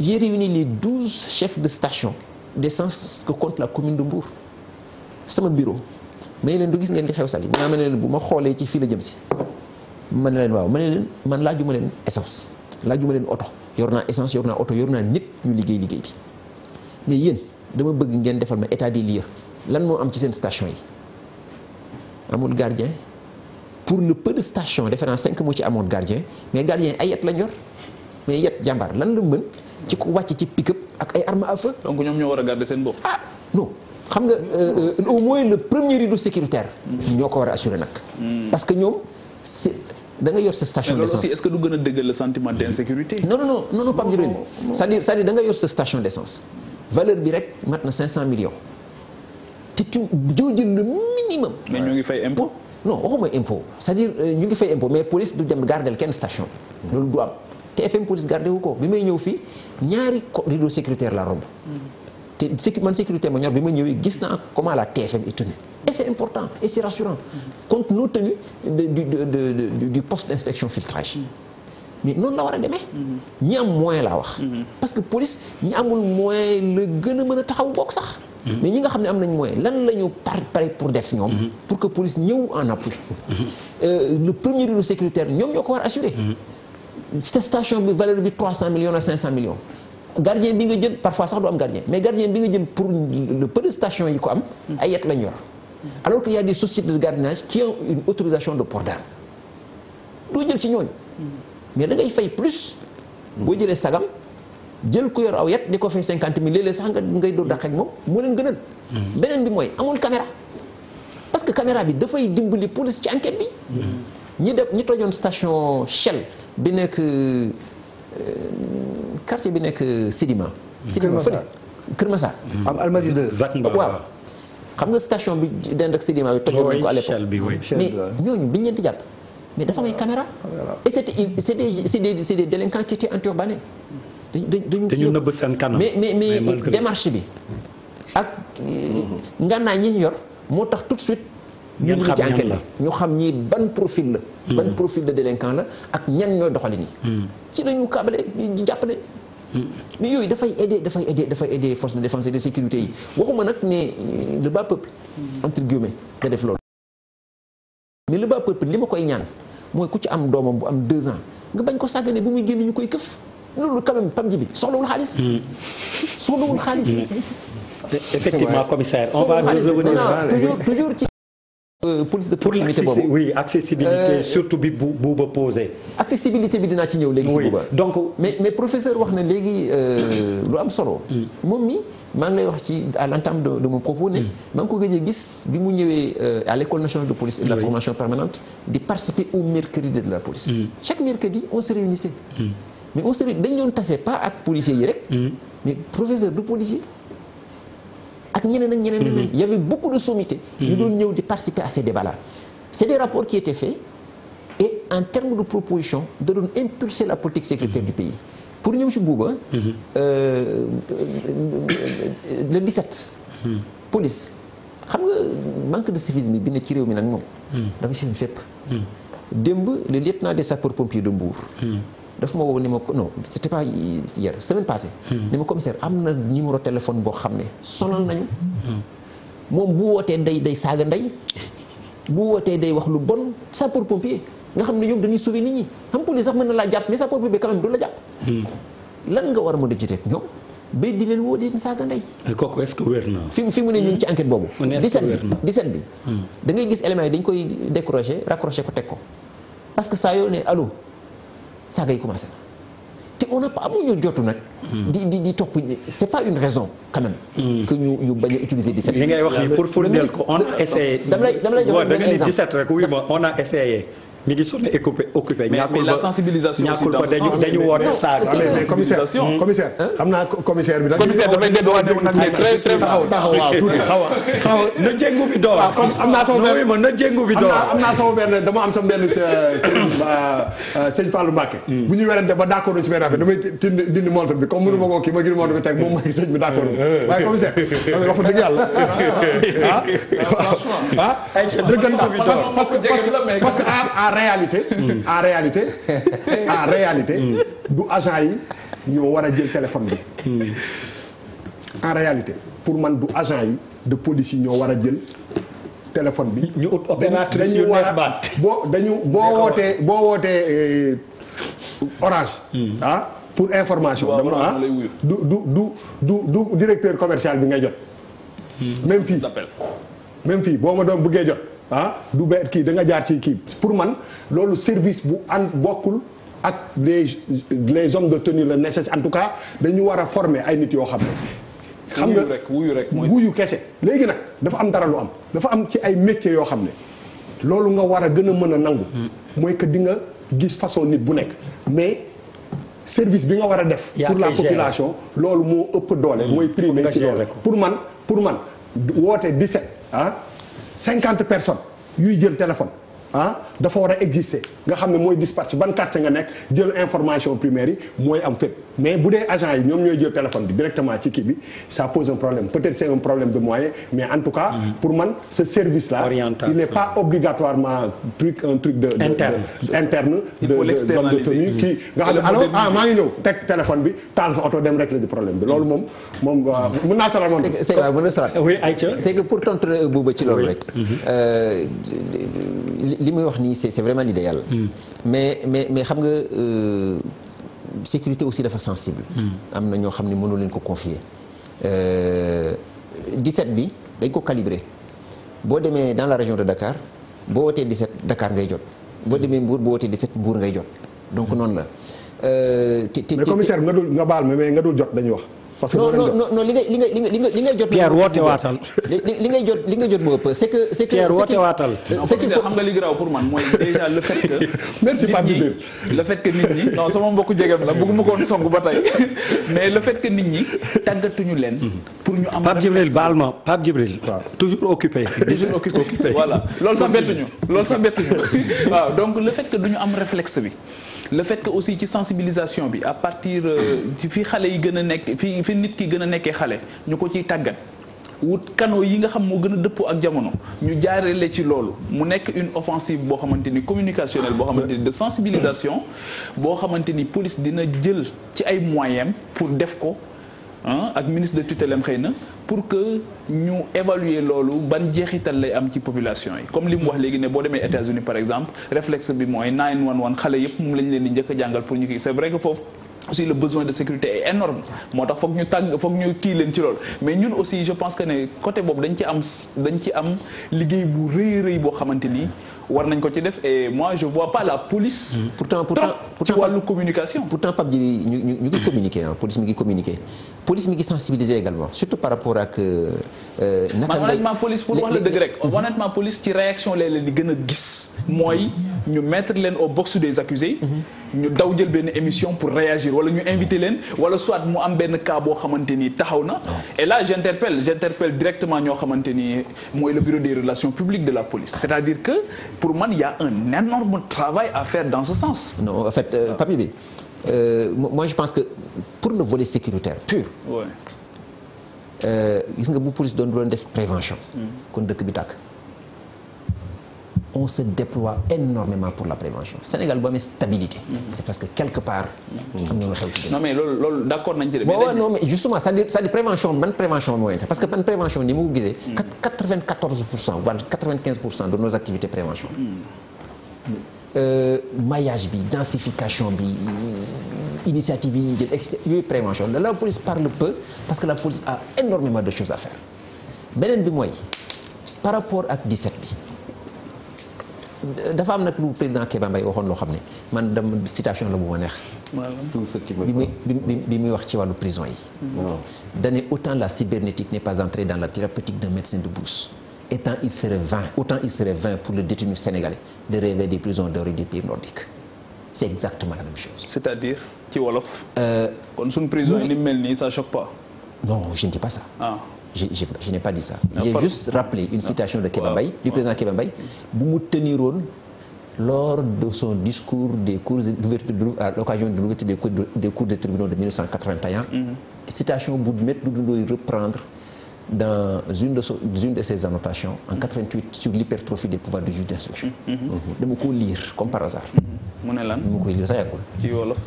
j'ai réuni les douze chef de station d'essence que compte la commune de Mbour sama bureau mais leen du gis ngeen li xew sali dinaa ma ne leen bu ma xoolee ci fii la jëm si ma ne leen waaw ma ne leen man laajuma leen essence laajuma leen oto yor naa essence yor naa oto yor naa nit ñu liggéey liggéey bi mais yéen dama bëgg ngeen defal ma état des lieux lan moo am ci seen station yi amul gardien pour le peu de station defe cinq moo ci amoon gardien mais gardien ay yet lañ yor mais yet jàmbaar lan la mën ci ku wàcc ci pick-up ak ay armes à feu. ñoom ñoo war a garder seen bopp. ah non xam nga euh, euh, au moins le premier rideau sécuritaire. ñoo ko war a assurer nag. Hmm. parce que ñoom si da nga yor sa station d'essence. mais loolu aussi est du gën a dëggal le sentiment hmm. d'insécurité. non non non non non da nga yor sa station d'essence valeur bi rek mat na 500 millions te tu joo jël le minimum. mais ñu ngi fay impôt. no waxuma impôt sa à euh, ñu ngi fay impôt mais police du dem gardel kenn station. loolu du am TFM police gardé wu ko bi may ñëw fii ñaari rideau sécuritaire la romb. Hmm. te man sécurité ma ñor bi ma ñëwee gis naa comment la TFM est tenue et c'est important et c'est rassurant compte nous tenu du du du d'inspection filtrage mais noonu la war a demee mm-hmm. ñi am moyen laa wax mm-hmm. parce que police ñi amul moyen la gën a mën a taxaw bokk sax mm-hmm. mais ñi nga xam ne am nañ moyen lan la ñu par pare pour def ñoom pour que police ñëw en appui euh, le premier rôle sécuritaire ñoom ñoo ko war assurer cette station bi valeur bi 300 millions à 500 millions gardien bi nga jël parfois sax du am gardien mais gardien bi nga jël pour le peu de station yi ko am. Mm. ay yet lañ yor. alors que y a des sociétés de gardiennage qui ont une autorisation de port d'arme doo jël ci ñooñu. Mm. mais da ngay fay plus. boo jëlee sagam jël ku yor aw yet di ko fay cinquante mille léeg-léeg sax nga ngay doo dàq ak moom moo leen gënal. Mm. beneen bi mooy amul caméra. parce que caméra bi dafay dimbali police ci enquête bi. ñu def ñi tojoon station Shell bi nekk. Euh, quartier bi nekk Sidima. Sidima fële Kër Massar. Mm. am Almadi 2. waaw xam nga station bi dend ak bi tojoon nañu ko à l'époque mais ñooñu bi ñu leen di jàpp mais dafa may caméra. et c'est des c'est des c'est des délinquants qui étaient enturbanés. dañu dañu nëbb seen kanam mais mais mais démarche bi ak. Euh, ngànnaay ñi ñu yor moo tax tout suite. ñu ngi ci enquête bi ñu xam ñii ban profil la. Hmm. ban profil de délinquant la ak ñan ñooy doxalin yi. Hmm. ci la ñu kàbale ñu jàppale. Hmm. mais yooyu dafay aider dafay aider force de défense et de sécurité yi waxuma nag ne euh, le bas peuple. entre guillemets nga def loolu. mais le bas peuple li ma koy ñaan mooy ku ci am doomam bu am deux ans nga bañ ko sàggane bu muy génn ñu koy këf loolu quand même pam ji bi soxlawul xaalis. soxlawul xaalis. E-, effectivement commissaire on va toujours toujours Euh, police de proximité boobu oui accessibilité euh, surtout bi bu buuba posé. accessibilité bi dinaa ci ñëw léegi si buuba. donc mais professeur wax na léegi euh, lu am solo. Mm. moom mi maa ngi lay wax ci à l'entame de de mon propos ne. Mm. maa ngi ko gëj gis bi mu ñëwee à l'école nationale de police et de la formation permanente di participer au mercredi de la police. Mm. chaque mercredi on se réunissait. mais on se dañ doon tase pas ak policiers yi rek. mais professeur du ak ñeneen ak ñeneen ak ñeneen mhm. il y avait de sommités ñu mhm. doon ñëw di participer à ces débats là c'est des rapports qui étaient faits et en terme de proposition da doon impulser la politique sécuritaire mhm. du pays pour ñoom si buuba euh, le 17 police xam nga manque de civisme bi ne ci réew mi nag moom dama fi fépp démb le lieutenant des sapeurs pompiers de Mbour daf ma woo ni ma non c'était pas hier semaine hmm. am na numéro téléphone boo xam ne sonal nañu. moom bu wootee day day saaga ndey bu wootee day wax lu bon pour pompier nga xam ne ñoom dañuy sauver nit ñi xam police sax mën na laa jàpp mais sapeur pompier quand même du la jàpp. Hmm. lan nga war a mën a jotee ak ñoom. ba di leen woo di leen saaga ndey. kooku est-ce que wér na. fi fi mu ne ñun ci enquête boobu. on est-ce que wér bi 17 hmm. da ngay gis éléments yi dañ koy décrocher raccrocher ko teg ko. parce que saa yoo saaga yi commencé na te on n'a pas jotu nag. Hmm. di di di topp c'est pas une raison quand même. Hmm. que ñu ñu bañ a utiliser 17. li ngay wax nii pour fournir ko da nga ni 17 ñu ngi sonné occupé occupé. mais la sensibilisation aussi dans ce sensibilisation commissaire xam naa commissaire bi nag. commissaire dafay déggoo nag très très taxaw waaw a a na jéngu fi door. waaw comme am naa sama benn na jéngu fi door. am naa sama benn benn sëñ sëñ Fallou Mbacké. bu ñu werante ba d' ci benn affaire damay dindi dindi montre bi comme mënu koo kii ma gis montre bi teg moom mooy sëñ bi d' accord waaye commissaire wax dëgg yàlla ah ah. dëggantaan parce que parce que Mm. réalité. en réalité réalité. Mm. du agent yi ñoo war a jël téléphone bi. Mm. en réalité pour man du agent yi de police yi ñoo war a jël téléphone bi. ñu ut opératrice yu boo dañu boo wootee boo wootee euh, orange. Ah, pour information. dama ah, du du directeur commercial bi ngay jot. même fii même fii boo ma doon buggee jot. ah du benn kii da nga jaar ci kii pour man loolu service bu ànd bokkul ak les les hommes de tenue la nécessaire en tout cas dañu war a former ay nit yoo xam ne. xam nga wuyu rek wuyu wuyu kese. léegi nag dafa am dara lu am dafa am ci ay métiers yoo xam ne loolu nga war a gën a mën a nangu. Hmm. mooy que di nga gis façon nit bu nekk mais. service bi nga war a def. pour la population loolu moo ëpp doole. Hmm. mooy primé si doole pour man pour man woote 17 ah. cinquante personnes yuy jël téléphone ah dafa war a exister nga xam ne mooy dispatch ban quartier nga nekk jël information primaire yi mooy am fépp. mais bu dee agent yi ñoom ñooy jël téléphone bi directement ci kii bi ça pose un problème peut-être c'est un problème de moyen mais en tout cas. Mm-hmm. pour man ce service là. il n'est de. interne interne. il faut l'externaliser de de qui mm-hmm. nga xam ne alors ah maa ngi ñëw teg téléphone bi taal sa oto dem rek la di problème bi loolu moom moom mm-hmm. mën naa saral moom. c'est waaw mën na saral oui Aïcha c'est que pour tontu Bouba ci loolu rek. Euh, li muy wax nii c'est c'est vraiment l'idéal. Mm. mais mais mais xam nga. Euh, sécurité aussi dafa sensible. Hmm. am na ñoo xam ne mënu leen ko confier. 17 euh, bi dañ ko calibré boo demee dans la région de Dakar boo wootee 17 dakaar ngay jot boo demee Mbour boo wootee 17 Mbour ngay jot donc hmm. noonu la. Euh, te te mais commissaire nga dul nga baal ma mais nga dul jot dañuy wax. parce que non non non li ngay li ngay li li ngay jot. Pierre woote waatal. li ngay jot li ngay jot moo ëpp c'est que Pierre woote waatal. c'est que xam nga li garaaw pour man mooy déjà le fait que. merci Pape Dibé le fait que nit ko woon song ba tey mais le fait nit ñi tàggatuñu leen. pour ñu am Pape Djibril baal ma Pape Djibril. toujours loolu sax bettuñu loolu sax waaw donc le fait que duñu am réflexe bi. le fait que aussi ci sensibilisation bi à partir euh, ci fi xale yi gën a nekk fi fi nit ki gën a nekkee xale ñu ko ciy tàggat wut canaux yi nga xam moo gën a dëppoo ak jamono ñu jaarale ci loolu mu nekk une offensive boo xamante ni communicationnelle boo xamante ni de sensibilisation boo xamante ni police dina jël ci ay moyens pour def ko Ah, ak ministre de tutelle am xëy na pour que ñu évaluer loolu ban jeexital lay am ci population yi comme li mu wax léegi ne boo demee États-Unis par exemple réflexe bi mooy 911 xale yëpp moom lañ leen di njëkk a jàngal pour ñu kii c'est vrai que foofu aussi le besoin de sécurité est énorme moo tax foog ñu tàgg foog ñu kii leen ci loolu mais ñun aussi je pense que ne côté boobu dañ ci am dañ ci am liggéey bu rëy rëy boo xamante nii war nañ ko ci def et moi je vois pas la police. Mm. pourtant pourtant wàllu communication. pourtant Pape Djibi ñu ñu ñu ngi communiqué ah police mi ngi communiqué police mi ngi sensibiliser également surtout par rapport ak. Euh, euh, naka honnêtement police pour wax la dëgg rek. honnêtement police ci réaction léeg-léeg di gën a gis. mooy ñu mettre leen au box des accusés. Mm-hmm. ñu daw jël benn émission pour réagir wala ñu invité leen wala soit mu am benn cas boo xamante ni taxaw na et là j'interpelle j'interpelle directement ñoo xamante ni mooy le bureau des relations publiques de la police c'est-à-dire que pour man il y a un énorme travail à faire dans ce sens non en papi bi euh, euh moi je pense que pour le volet sécuritaire pur euh, gis nga bu police doon doon def prévention mm. kon dëkk bi tàkk on se déploie énormément pour la prévention Sénégal bu amee mhm. c'est que quelque part. Mhm. am na lu xew ci non d'accord nañ ci justement c'est-à-dire prévention man prévention parce que man prévention ni ma ko gisee. 94 mhm. pour de nos activités prévention. Euh, bi densification bi initiative yi ñuy jël etc yooyu prévention la police parle peu parce que la police a énormément de choses à faire beneen bi mooy par rapport ak 17 bi. dafa am nag lu président Kéba Mbaye waxoon loo xam ne man dama citation la bu ma neex. bi muy wax ci wàllu prison yi. dane autant la cybernétique n'est pas entrée dans la thérapeutique d'un médecin de brousse. et tant il serait vain autant il serait vain pour le détenu sénégalais de rêver des prisons dorées des pays nordiques c'est exactement la même chose. c'est-à-dire ci wolof. Euh, kon suñu prison yi ni mel nii non je ne dis pas ça. Ah. je je je n'ai pas dit ça. j'ai une citation de Kéba Mbaye du président Kéba bu mu teniroon lors de son discours des cours d'ouverture de à l'occasion de l'ouverture des cours des cours des tribunaux de 1981. Mm-hmm. citation bu Maître Doudou Ndoye reprendre dans une de so une de ses annotations en 88 sur l'hypertrophie des pouvoirs du juge d'instruction. Mm-hmm. dama ko lire comme par hasard. Mm-hmm. mu ne lan mu koy lire sax yàggul. ci wolof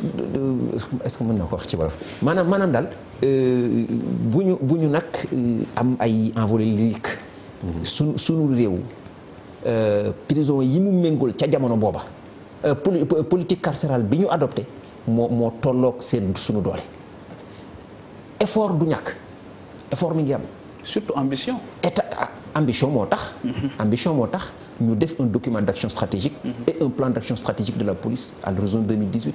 est-ce que mën na ko wax ci wolof. maanaam maanaam daal euh, bu ñu bu ñu nag euh, am ay envolée lyrique. sunu sunu réew euh, prison yi mu méngool ca jamono booba. poli politique carcérale bi ñu adopté moo moo tolloog seen sunu doole. effort du ñakk effort mi ngi am. surtout ambition. état ah, ambition moo tax. Mm-hmm. ambition moo tax. ñu def un document d'action stratégique mhm. et un plan d'action stratégique de la police à l'horizon 2018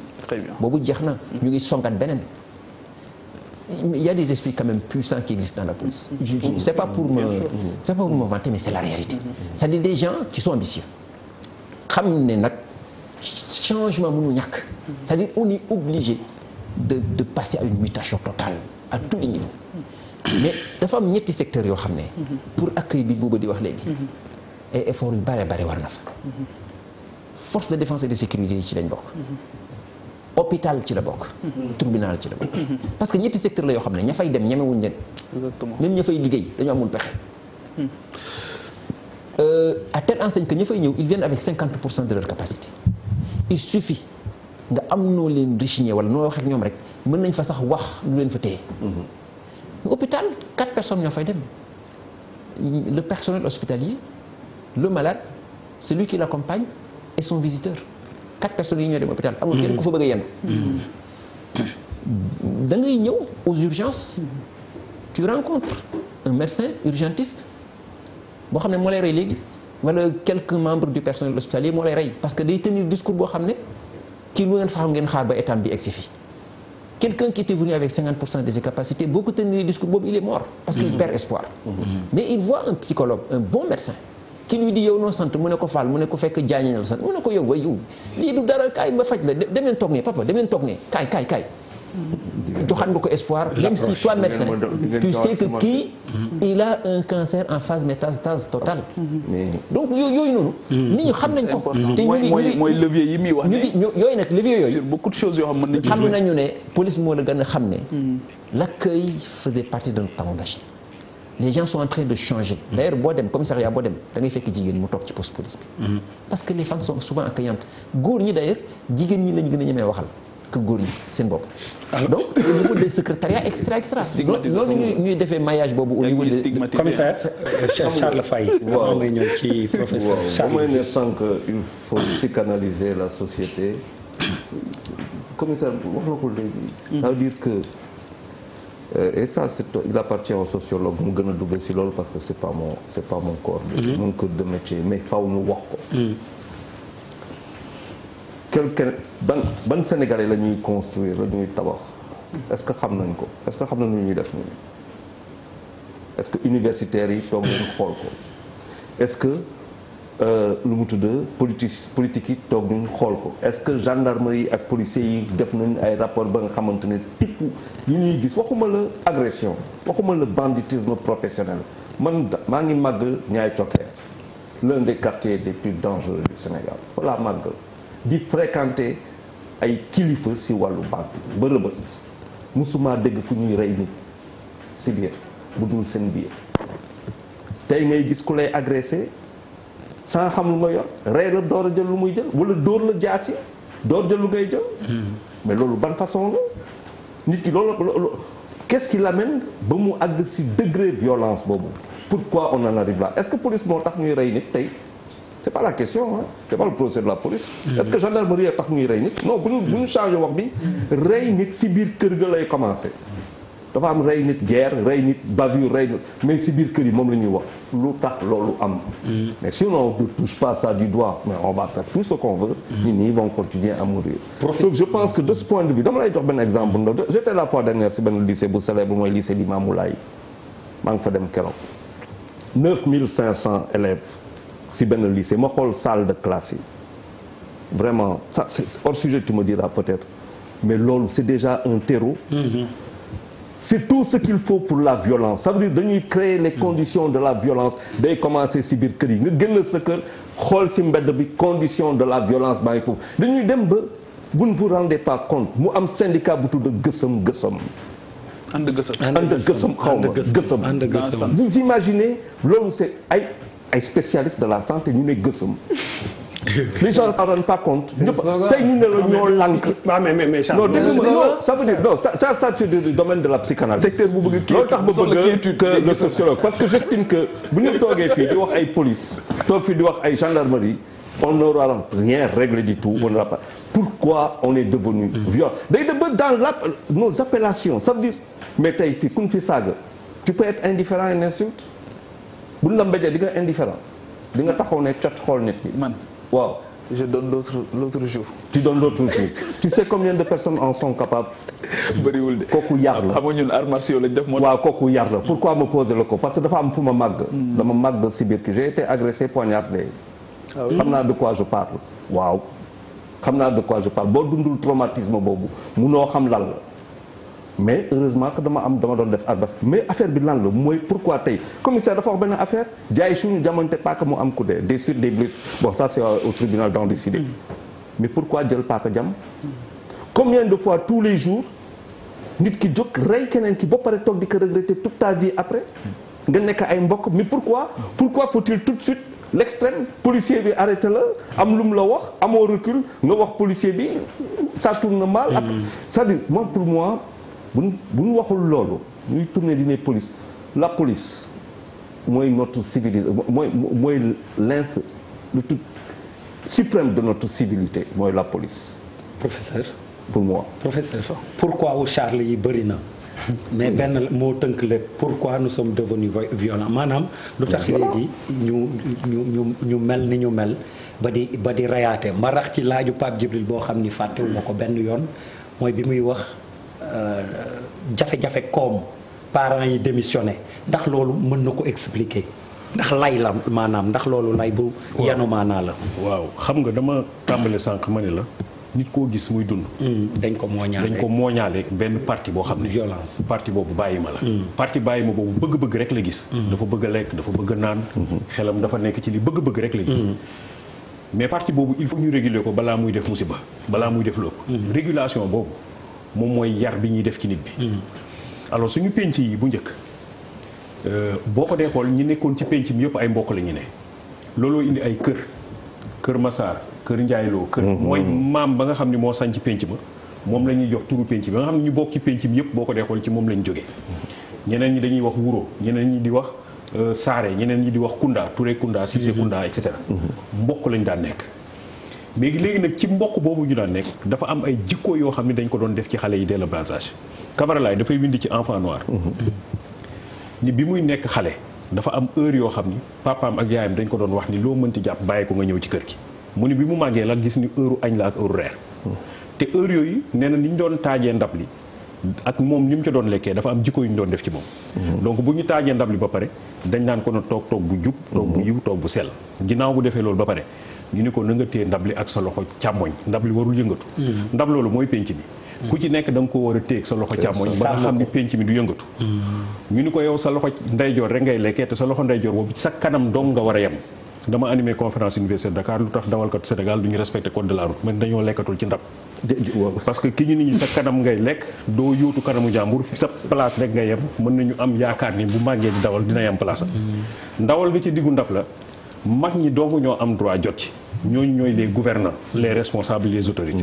boobu jeex na ñu ngi songaat beneen il y a des esprits quand même puissants qui existent dans la police mhm. Mhm. c'est pas pour me c'est mais c'est la réalité cest dire des gens qui sont ambitieux xam ne nag changement mënu ñakk c'est-à-dire on est obligé de de passer à une mutation totale à tous les niveaux mais dafa am ñetti secteurs yoo xam ne pour accueil bi booba di wax léegi ay effort yu bare bare war na fa force de défense et de sécurité yi ci lañ bokk hôpital ci la bokk tribunal ci la bokk parce que ñetti secteur la yoo xam ne ña fay dem ñemewuñ leen même ña fay liggéey dañu amul pexe euh, à telle enseigne que ña fay ñëw ils viennent avec 50 pour cent de leur capacité il suffit nga am noo leen richigner wala noo wax ñoom rek mën nañ fa sax wax lu leen fa téye mhm. hôpital quatre personnes ñoo fay dem le personnel hospitalier le malade celui qui l'accompagne et son visiteur quatre personnes yi ñoo dem hôpital amul kenn ku fa bëgg a yenn da ngay ñëw aux urgences tu rencontres un médecin urgentiste boo xam ne moo lay rey léegi wala quelques membres du personnel hospitalier moo lay rey parce que day tenir discours boo xam ne kii lu ngeen taxaw ngeen xaar ba état bi egsi quelqu'un qui était venu avec de ses capacités boo ko tenir discours boobu il est mort parce qu'il mmh. perd espoir mmh. mais il voit un ki lui di yow noo sant mu ne ko Fall mu ne ko fekk jaañe la sant mu ne ko yow way yow lii du dara kaay ba faj la dem leen toog ne papa dem leen toog ne kaay kaay kaay nga ko espoir même si toi médecin tu sais que kii il a un cancer en phase métastase totale donc yooyu yooyu noonu hmm. nit ñu xam nañ ko te ñu ngi mooy levier yi muy wax ñu ngi yooyu nag levier yooyu sur beaucoup de choses yoo xam mën nañ xam nañu ne police moo la gën a xam ne hmm. l'accueil faisait partie de notre talon d'Achille les gens sont en train de changer. d' boo dem commissariat boo dem da ngay fekk jigéen mu toog ci poste bi. Mhm. parce que les femmes sont souvent accueillantes góor ñi d' ailleurs jigéen ñi lañu gën a ñemee waxal que góor ñi seen bopp. donc au niveau des secrétariats extra extra. stigmatisation loolu ñuy defee maillage boobu au niveau de. commissaire euh, Charles Faye. waaw may ñëw ci professeur Charles. waaw ne sànq il faut psychanalyser la société commissaire wax na ko léegi. Hmm. ça veut dire que. Euh, et ça c'est il appartient aux sociologues mu gën a dugg si loolu parce que c'est pas mon c'est pas mon corps de mm-hmm. mon corps de métier mais faw ñu wax ko mm. quelqu'un ban ban Sénégalais la ñuy construire la tabax est-ce que xam nañ ko est-ce que xam nañ lu ñuy def nii est-ce que universitaires yi toog leen xool ko est-ce que Euh, lu mu tudd politique politique yi toog nañ xool ko est-ce que yi ak policiers yi def nañ ay rapport ba nga xamante ne tipp li ñuy gis waxuma la agression waxuma la banditisme professionnel man maa ngi màgg ñaay cokkeer l'un de quartiers les plus dangereux du Sénégal voilà màgg di fréquenter ay kilifa si wàllu banque ba rëbës musuma dégg fu ñuy rey nit si biir bu dul seen biir tey ngay gis ku lay agressé sans xam lu nga yor rey la door a jël lu muy jël wala dóor la jaas yi door jël lu ngay jël hmm. mais loolu ban façon la nit ki loolu qu'est-ce qui l'amène ba mu àgg si degré violence boobu pourquoi on en arrive là est-ce que police moo tax ñuy rey nit tey c'est pas la question ah c'est pas le procès de la police hmm. est-ce que gendarmerie tax ñuy rey nit non bu ñu bu ñu changé wax bi rey nit si biir kër ga lay commencer dafa am rey nit guerre rey nit bavure rey nit mais si biir kër yi moom la ñuy wax lu tax loolu am mm. mais si on ne touche pas du doigt mais on va faire tout ce qu'on veut mm. nit ñi vont continuer à mourir je pense que de ce point de vue dama lay jox benn exemple ndaw j'étais la fois dernière si benn lycée bu célèbre mooy lycée Limamou Laye maa ngi fa dem keroog 9500 élèves si benn lycée ma xool salle de classie vraiment ça c'est hors sujet tu me être mais loolu c'est déjà un terreau mm-hmm. c'est tout ce qu'il faut pour la violence ça veut dire dañuy créer les conditions de la violence day commencé si biir kër yi nga génn sa kër xool si mbedd bi condition de la violence baa ngi foofu dañuy dem ba vous ne vous rendez pas compte mu am syndicat bu de gësëm gësëm ànd gësëm ànd gësëm xaw ma gësëm vous imaginez loolu c'est ay ay spécialiste de la santé ñu ne gësëm les gens ne s'en rendent pas compte. tey ñu ne la ah, ñoo lànk. Ah, mais mais mais de la psychanalyse. secteur bu bëgg kii que le sociologue parce que j'estime que bu ñu toogee fii di wax ay police toog fii di wax ay gendarmerie on n'aura rien réglé du tout on pourquoi on est devenu mm. violent dans la nos veut dire mais tey fii ku ñu fi saaga tu peux être indifférent à insulte bu ñu la mbéjee di nga indifférent nga taxaw ne cot xool nit waaw. je donne l'autre l'autre jour. tu donnes l'autre jour tu sais combien de personnes en son capables. bëriwul de kooku yar la xam nga ñun arts martiaux def. waaw kooku yar la pourquoi ma poser le ko parce que dafa am fu ma màgg. Hmm. dama màgg si biir kii j'ai été agressé poignardé. Ah xam naa de quoi je parle. waaw xam naa de quoi je parle boo dundul traumatisme boobu munoo xam lan mais heureusement que dama am dama doon def arbas mais affaire bi lan la mooy pourquoi tey commissaire dafa wax benn affaire jaay suñu jamonte paaka mu am ku dee des sur des blessés bon ça c'est euh, au tribunal d'en décider mm. mais pourquoi jël paaka jam combien de fois tous les jours nit ki jóg rey keneen ki ba pare toog di ko regretter toute ta vie après nga nekk ay mbokk mais pourquoi pourquoi faut-il tout de suite l'extrême policier bi arrêté la am lu mu la wax amoo recul nga wax policier bi ça tourne mal. Mm. c'est-à-dire moi bu buñ waxul loolu muy tourner di ne police la police mooy notre civilité mooy mooy l'inst le tout suprême de notre civilité mooy la police. professeur. pour moi professeur. pourquoi wu Charlie yi bëri na. mais benn moo tënk lépp pourquoi nous sommes devenus violents maanaam lu tax léegi ñu ñu ñu ñu mel ni ñu mel ba di ba di rayaate ma rax ci laaju Pape Djibril boo xam ni fàttewuma ko benn yoon mooy bi muy wax. Euh, jafe-jafe koom parents yi démissionné ndax loolu mën na ko expliquer ndax lay la maanaam ndax loolu lay bu. yanu maanaa la. waaw xam nga dama tàmbale sànq ma ne la. nit koo gis muy dund. Hmm, dañ ko mooñaale dañ ko mooñaale benn parti boo xam ne. violence parti boobu bàyyi ma la. Hmm. parti bàyyi ma boobu bëgg-bëgg rek la gis. Hmm. dafa bëgg lekk dafa bëgg naan. xelam dafa nekk ci li bëgg-bëgg rek la gis. mais parti boobu il faut ñu réguler ko balaa muy def musiba balaa muy def lépp. régulation boobu. moom mooy yar bi ñuy def ci nit bi. Mhm. alors suñu penc yi bu njëkk euh, boo ko dee xool ñi nekkoon ci penc mi yëpp ay mbokk lañu ne looloo indi ay kër kër Masaar kër Njaayloo kër mhm. mooy maam ba nga xam ne moo sañ ci penc ma moom la ñuy jox turu penc bi nga xam ne ñu bokk ci penc mi yëpp boo ko dee xool ci moom lañu ñu jógee ñeneen ñi dañuy wax wuro ñeneen ñi di wax euh, saare ñeneen ñi di wax kunda Touré kunda Cissé mhm. kunda et cetera mbokk lañu daan nekk léegi léegi nag ci mbokk boobu ñu daan nekk dafa am ay jikko yoo xam ne dañ ko doon def ci xale yi dès le bas âge dafay bind ci enfant noir ni bi muy nekk xale dafa am heure yoo xam ni papaam ak yaayam dañ ko doon wax ni loo mënti jàpp bàyyi ko nga ñëw ci kër gi mu ni bi mu màggee la gis ni heure añ la ak heure reer te heure yooyu nee na ni ñu doon taajee ndab li ak moom ni mu ca doon lekkee dafa am jikko yu ñu doon def ci moom donc bu ñu taajee ndab li ba pare dañ naan ko na toog toog bu jub toog bu yiw bu sell ginnaaw bu defee loolu ba pare ñu ni ko na nga téye ndab li ak sa loxo càmmoñ ndab li warul yëngatu mm-hmm. ndab loolu mooy penc bi ku ci nekk da nga ko war a téeg sa loxo càmmoñ ba nga xam ni penc mi du yëngatu mm-hmm. ñu ni ko yow sa loxo ndeyjoor rek ngay lekkee sa loxo ndeyjoor boobu sa kanam dong nga war a yem dama animé conférence université de Dakar lu tax dawalkatu Sénégal du ñu respecté code de la route man dañoo ci ndab parce que ki ñu nit ñi sa kanam ngay lekk doo yóotu kanamu jàmbur sa place rek ngay yem mën nañu am yaakaar ni bu màggee dawal dina yem place mm-hmm. ndawal nga ci diggu ndab la mag ñi dong ñoo am droit jot ci ñooñu ñooy les gouvernants les responsables les autorités.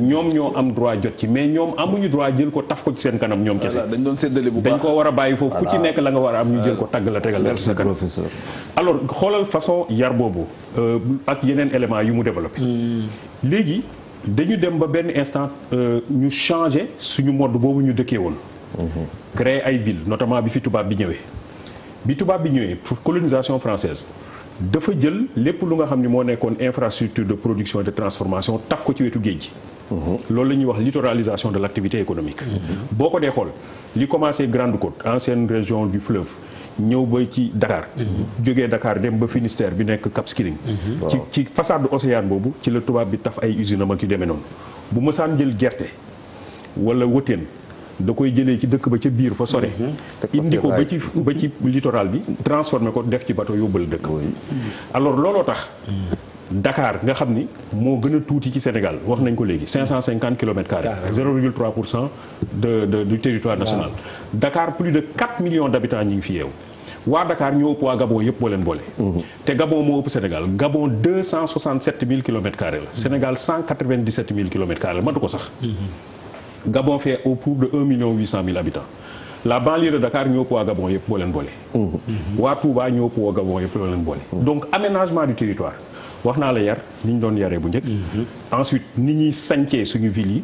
ñoom ñoo am droit jot ci mais ñoom amuñu droit jël ko taf ko ci seen kanam ñoom kese. dañ doon séddale bu baax dañ ko war a bàyyi foofu ku ci nekk la nga war a am ñu jël ko euh, tagg la tegal la sa kanam alors xoolal façon yar boobu euh, ak yeneen éléments yu mu développé. Hmm. léegi dañu dem ba benn instant euh, ñu changé suñu mode boobu ñu dëkkee woon. Hmm. créer ay villes notamment bi fi tubaab bi ñëwee. bi tubaab bi ñëwee colonisation française dafa jël lépp lu nga xam ni moo nekkoon infrastructure de production et de transformation taf ko ci wetu géej gi. Mhm. loolu la ñuy wax littoralisation de l' activité économique. Mhm. boo ko dee xool li commencé Grande Côte ancienne région du fleuve. ñëw ba ci Dakar. Mhm. jógee Dakar dem ba Finistère bi nekk Cap Skirring. ci ci façade océan boobu ci la tubaab bi taf ay usine am ak yu demee noonu bu mosaan jël gerte wala wëteen. da koy jëlee ci dëkk ba ca biir fa sore mhm. indi ko ba ci ba ci littoral bi transformé ko def ci bateau yóbbal dëkk alors looloo tax Dakar nga xam ni moo gën a tuuti ci Sénégal wax nañ ko léegi 550 kilomètres carrés 0,3 pour cent de de du territoire national Dakar plus de 4 millions d'habitants ñi ngi fi yeew waa Dakar ñoo ëpp waa Gabon yëpp boo leen boole. Mhm. te Gabon moo ëpp Sénégal Gabon 267 000 kilomètres carrés la Sénégal 197 000 matu ko sax mhm. Gabon fait au pour de 1 million 800 mille habitants la banlieue de Dakar ñëpp waa Gabon yëpp boo leen boole. Mhm. waa Touba ñëpp waa Gabon yëpp boo boole. Mhm. donc aménagement du territoire wax naa la yar ni ñu doon yaree bu njëkk. Mhm. ensuite ni ñuy sancee suñu ville yi.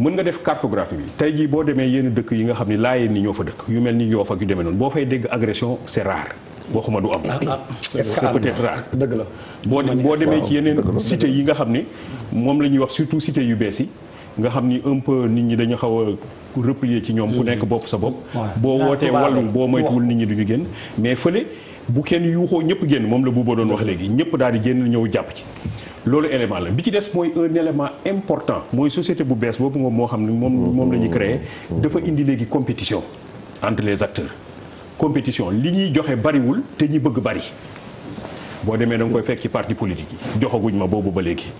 mën nga def cartographie bi tey jii boo demee yenn dëkk yi nga xam ne laayeen ni ñoo fa dëkk yu mel ni yoo fa yu demee noonu boo fay dégg agression c'est rare waxuma du am. Ah, ah. c'est peut dëgg la boo boo demee ci yeneen cité yi nga xam ne moom la ñuy wax surtout cité yu bees yi. nga xam ni ump nit ñi dañu xaw a replier ci ñoom. ku mm-hmm. nekk bopp sa bopp. Mm-hmm. boo wootee wàllu boo moytuwul nit ñi duñu génn mais fële. bu kenn yuuxoo ñëpp génn moom la buuba doon wax léegi ñëpp daal di génn ñëw jàpp ci loolu élément la bi ci des mooy un élément important mooy société bu bees boobu moom moo xam ne moom moom la ñu créé dafa indi léegi compétition entre les acteurs compétition li ñuy joxe bariwul te ñi bëgg bari boo demee danga koy fekk ci parti politique yi joxaguñ ma boobu ba léegi.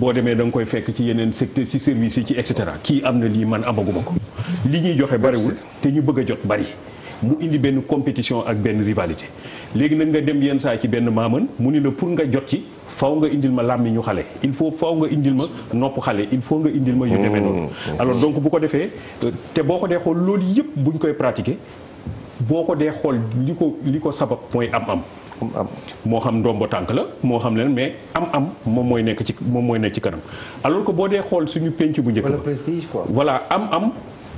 boo demee danga koy fekk ci yeneen secteur ci service yi ci et kii am na lii man amaguma ko. li ñuy joxe bariwul te ñu bëgg a jot bari. mu indi benn compétition ak benn rivalité léegi nag nga dem yenn saa ci benn maaman mu ni la pour nga jot ci faw nga indil ma ñu xale il faut faw nga indil ma nopp xale il faut nga indil ma yu demee hmm. noonu alors donc bu ko defee te boo ko dee xool loolu yëpp buñ koy pratiquer boo ko dee xool li ko li ko sabab mooy am am fu mu am. moo xam ndombo tànk la moo xam leen mais am-am moom mooy nekk ci moom mooy nekk ci kanam alors que boo dee xool ñu penc bu njëkk. wala prestige am-am.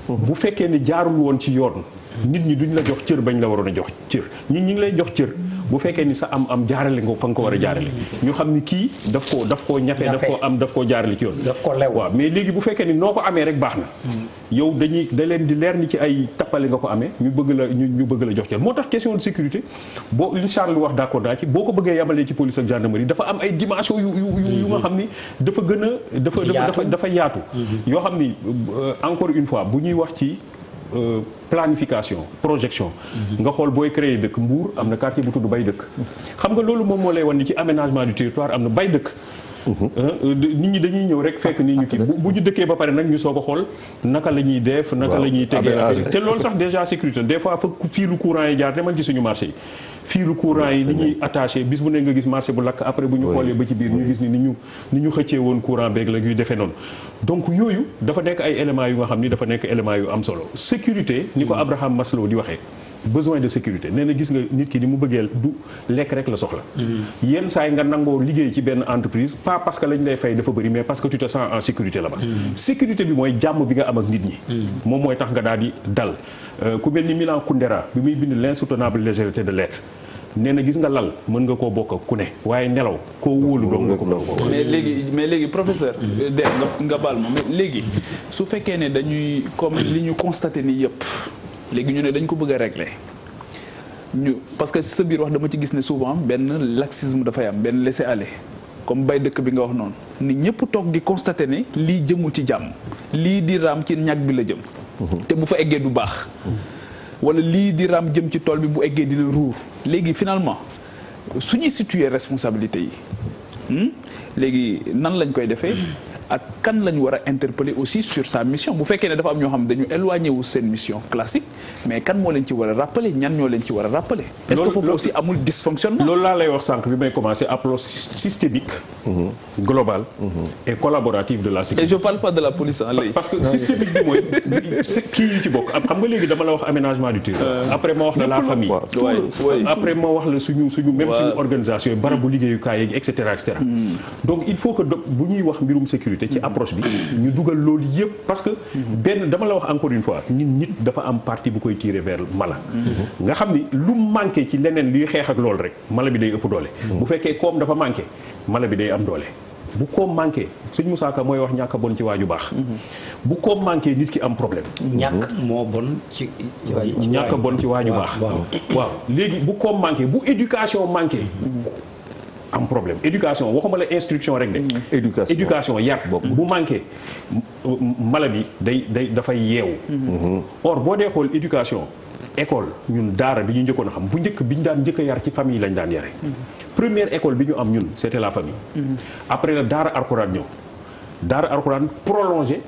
bu fekkee ni jaarul woon ci yoon. nit ñi duñ la jox cër bañ la waroon a jox cër nit ñi lay jox cër. bu fekkee ni sa am am jaarale nga fa nga ko war a jaarale ñu xam ni kii daf koo daf koo ñafe daf koo am daf koo jaarale ci yoon waaw mais léegi bu fekkee ni noo ko amee rek baax na hmm. yow dañuy da leen di leer ni ci ay tappale nga ko amee ñu bëgg la ñu bëgg la jox cër moo tax question de sécurité boo li Charles wax d'accord naa ci boo ko bëggee yamalee ci police ak gendarmerie dafa am ay dimension yu yu yu nga hmm. xam ni dafa gën a dafa dafa dafa yaatu hmm. yoo xam ni euh, encore une fois bu ñuy wax ci euh, planification projection. nga xool booy créer dëkk Mbour am na quartier bu tudd bay dëkk. xam nga loolu moom moo lay wan ni ci aménagement du territoire am na bay dëkk. Euh, euh, nit ñi dañuy ñëw rek fekk ni ñu kii bu ñu dëkkee ba pare nag ñu soog a xool naka la ñuy def. naka la ñuy tegee ah ah te loolu sax déjà sécurité des fois fa fii lu courant yi jaar demal ci suñu marché yi. fiiru courant yi ni ñuy attaché bis bu ne nga gis marché bu lakk après bu ñu xoolee ba ci biir ñu gis ni ñu ni ñu xëccee woon courant beeg la ñuy noonu donc yooyu dafa nekk ay éléments yu nga xam ni dafa nekk éléments yu am solo sécurité ni ko mm. Abraham Maslow di waxee besoin de sécurité nee na gis nga nit ki ni mu bëggee du lekk rek la soxla. Mm. yenn saa yi nga nangoo liggéey ci benn entreprise pas parce que lañ lay fay dafa bëri mais parce que tu te sens en sécurité là mm. bi mooy jàmm bi nga am ak nit ñi. mooy tax nga daal di dal euh, ku mel ni Milan Kundera bi muy bind de l'être nee na gis nga lal mën nga koo bokk ku ne waaye nelaw koo wóolu doom nga ko bokk mais léegi mais léegi professeur de nga baal ma mais léegi su fekkee ne dañuy comme li ñu constaté ni yëpp léegi ñu ne dañ ko bëgg a régler ñu parce que sa biir wax dama ci gis ne souvent benn laxisme dafay am benn laisser ale comme bay dëkk bi nga wax noonu ni ñëpp toog di constaté ne lii jëmul ci jàmm lii di raam ci ñag bi la jëm te bu fa eggee du baax wala lii di ram jëm ci tool bi bu eggee dina ruur léegi finalement su ñuy situer responsabilité yi hmm? léegi nan lañ koy defee ak kan la ñu a interpeller aussi sur sa mission bu fekkee ne dafa am ñoo xam ne dañu éloigné wu seen mission classique mais kan moo leen ci war a ñan ñoo leen ci war a rappeler. est-ce que foofu amul dysfonctionnement. loolu laa lay wax sànq bi may commencer mhm. la sécurité. et je parle pas de la police en léegi. parce euh, après ma wax la la famille. après ma wax la suñu suñu organisation barabu liggéeyukaay yi et cetera et hmm. donc il faut que bu ñuy wax mbirum sécurité ci approche bi ñu dugal loolu yëpp parce que benn dama la wax encore une fois nit nit dafa am partie bu koy tirer vers mala nga xam ni lu manqué ci leneen luy xeex ak loolu rek mala bi day ëpp doole bu fekkee koom dafa manqué mala bi day am doole bu koom manqué sëñ Moussa mooy wax ñàkk a bon ci waaju baax. bu koom manqué nit ki am problème. ñàkk moo bon ci waaju ñàkk bon ci waaju baax. waaw léegi bu koom manqué bu éducation manqué. am problème éducation waxuma la instruction rek de. Mm-hmm. éducation yar bu manqué mala bi day day dafay yeewu. Mm-hmm. or boo dee xool éducation école ñun daara bi ñu njëkkoon xam bu njëkk bi ñu daan njëkk a yar ci famille lañ daan yare mm-hmm. première école bi ñu am ñun c'était la famille. après la daara alxuraan ñëw daara alxuraan prolongé.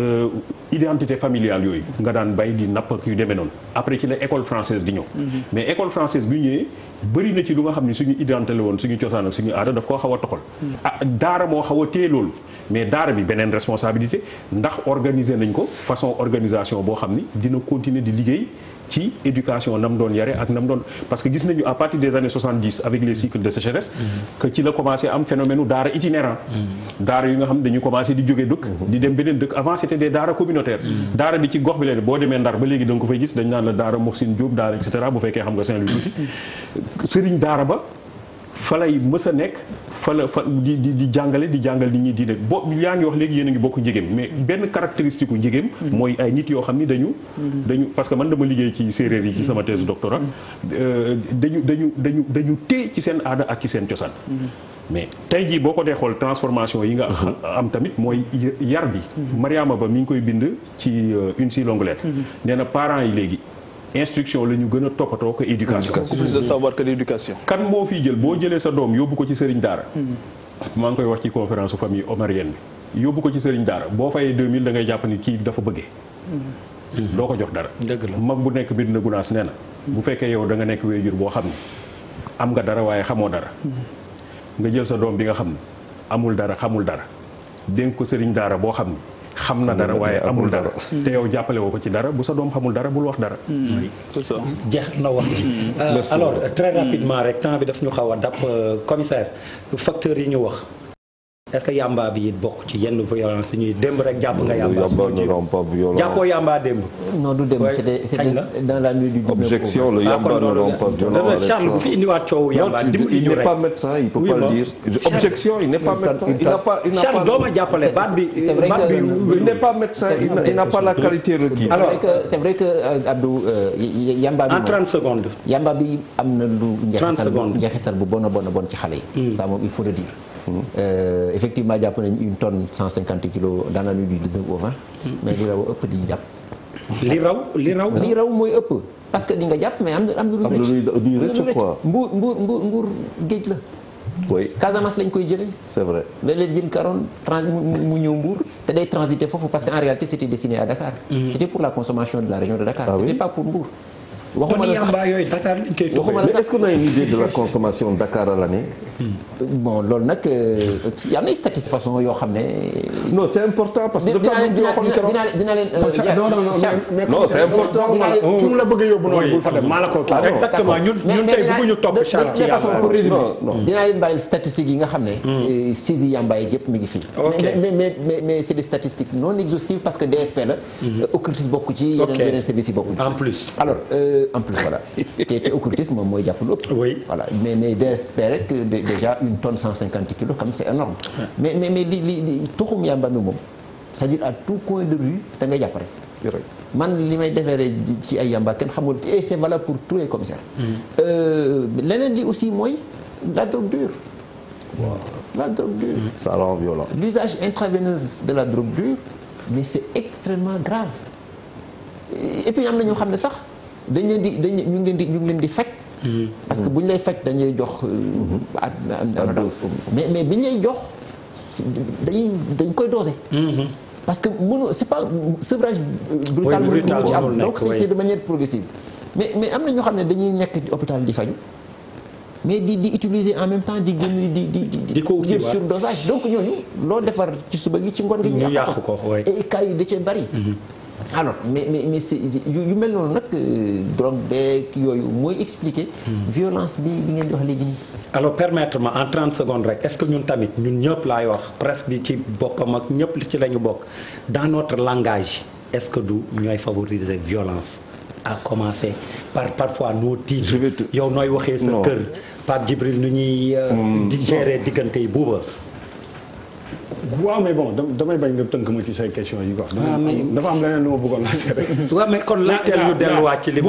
Euh, identité familiale yooyu. nga daan bay di napp ak yu demee noonu. après ci la école française di ñëw. mais école française bi ñëwee. bëri na ci lu nga xam ne suñu identité la woon suñu cosaan ak suñu aada daf koo xaw a toxal ah daara moo xaw a téye loolu mais daara bi beneen responsabilité ndax organiser nañ ko façon organisation boo xam ni dina continuer di liggéey ci éducation nam doon yare ak nam doon parce que gis nañu à partir des années 70 avec les cycles de sécheresse que ci la commencé am phénomène daara itinérant daara yu nga xam dañu commencé di jóge dëkk di dem beneen dëkk avant c'était des daara communautaires daara bi ci gox bi leen boo demee Ndar ba léegi da ko fay gis dañ naan la daara Moxsin Diop daara et bu fekkee xam nga Saint-Louis tuuti sëriñ daara ba fa lay mës a nekk fa la fa di di di jàngale di jàngal nit ñi diine boo yaa ngi wax léegi yéen a ngi bokk njigéem mais benn caractéristique u njigéem mm-hmm. mooy ay nit yoo xam ni dañu mm-hmm. dañu parce que man dama liggéey ci séeréer yi ci sama thèse doctorat mm-hmm. dañu dañu dañu dañu téye ci seen aada ak ci seen cosaan mais tey jii boo ko dee xool transformation yi nga am tamit mooy yar bi Mariama ba mi ngi koy bind ci euh, une si longue lettre nee na parents yi léegi instruction la ñu gën a toppatoo ko éducation. plus de savoir que kan moo fi jël boo jëlee sa doom yóbbu ko ci sëriñ daara. Hmm. maa ngi koy wax ci conférence su famille omarienne bi yóbbu ko ci sëriñ daara boo fayee 2000 da ngay jàpp ni kii dafa bëggee. Hmm. doo ko jox dara. dëgg la mag bu nekk mbir na gunaas nee na. Hmm. bu fekkee yow danga nga nekk wéyjur boo xam ne am nga dara waaye xamoo dara. nga jël sa doom bi nga xam ne amul dara xamul dara dénk ko sëriñ daara boo xam ne. xam na dara waaye amul dara te yow jàppale ko ci dara bu sa doom xamul dara bul wax dara. Mm. jeex na wax mm. euh, ci alors très mm. rapidement rek temps bi daf ñu xaw a dàpp euh, commissaire facteurs yi ñu wax. est-ce que yamba bi bokk ci yenn violence ñuy démb rek jàpp nga yamba. yamba jàppoo yamba démb. non du démb c'était c'était dans la nuit du 19 objection le ah, yamba ne rompt pas violence Charles bu fi indiwaat coowu yamba dimbali ñu rek non il n'est pas médecin il peut pas dire. objection il n'est pas médecin il n'a pas il n'a pas. Charles doo ma jàppale baat bi baat bi il n'est pas médecin il n'a pas la qualité requise. alors c'est vrai que euh, Abdou euh, yamba bi en 30 secondes. yamba bi am na lu. 30 secondes njeexital bu bon a bon a bon ci xale yi. Hmm. ça moom il faut le dire. Euh, effectivement jàpp nañ une tonne cent cinquante kilos dans la nuit du 19 mais li raw ëpp di jàpp. li raw li raw. li raw mooy ëpp parce que di nga jàpp mais am na am na lu ñu rëcc quoi mbuur géej la. Casamance lañ koy jëlee. c'est vrai da leen jën karoon mu ñëw Mbour. te day transiter foofu parce que en réalité c'était destiné à Dakar. Mm-hmm. c'était pour la consommation de la région de Dakar. Ah c'était pas pour Mbour. waxuma la sax waxuma la sax a une idée de la consommation Dakar à l'année. Hmm. loolu nag euh, y a ay statistiques façon yoo xam ne. non c'est important parce que. dina dina dina dina leen. Euh, non non a yóbbu noonu la ko kii. Ah, exactement ñun tey bëgguñu topp dinaa leen bàyyil statistiques yi nga xam ne. Hmm. Euh, saisi yambaay yëpp mi ngi fii. mais mais mais mais c'est des statistiques non exhaustives parce que DSP la. Hmm. occultisme bokku ci yeneen yeneen services yi bokku ci. en plus en plus voilà te te moom mooy jàpp lu ëpp voilà mais mais d'espérer que déjà une tonne 150 kilos comme c'est énorme mais mais mais li li tuxum yàmba mi moom cest dire à tout coin de rue da ngay jàpp rek man li may defeere ci ay yàmba kenn xamul et c'est valable pour tous les commissaires mm-hmm. euh, leneen li aussi mooy la drogue dure waaw la drogue dure mm-hmm. ça rend violent l'usage intraveineuse de la drogue dure mais c'est extrêmement grave et puis am na ñoo xam ne sax dañ leen di dañ ñu ngi leen di ñu ngi leen di faj. Mhm. parce que bu ñu lay faj dañuy jox. Mhm. ak mais mais bi ñu jox dañuy dañ koy doser. Mhm. parce que mënu c'est pas sevrage brutal mënu ci am donc c'est mais mais am na ñoo xam ne dañuy nekk ci hôpital di faju mais di di utiliser en même temps di génn di di di ko jël surdosage donc ñooñu loo defar ci suba gi ci ngoon gi ñu yàq ko et cas yi da cee bari alors mais mais mais c'est yu mel noonu nag euh, drogue yooyu mooy expliquer hmm. violence bi bi ngeen di wax léegi nii. alors permettre ma en 30 secondes rek est-ce que ñun tamit ñun ñëpp laay wax presse bi ci boppam ak ñëpp li ci la ñu bokk dans notre langage est-ce que du ñooy favoriser violence. à commencer par parfois nos titres. yow nooy waxee sa kër. Pape Djibril nu ñuy. Euh, hmm. gérer diggante yi buuba. waaw mais bon damay bañ nga tënk ma ci say question yi quoi. Ah, dafa am leneen lu ma bëggoon la teel ñu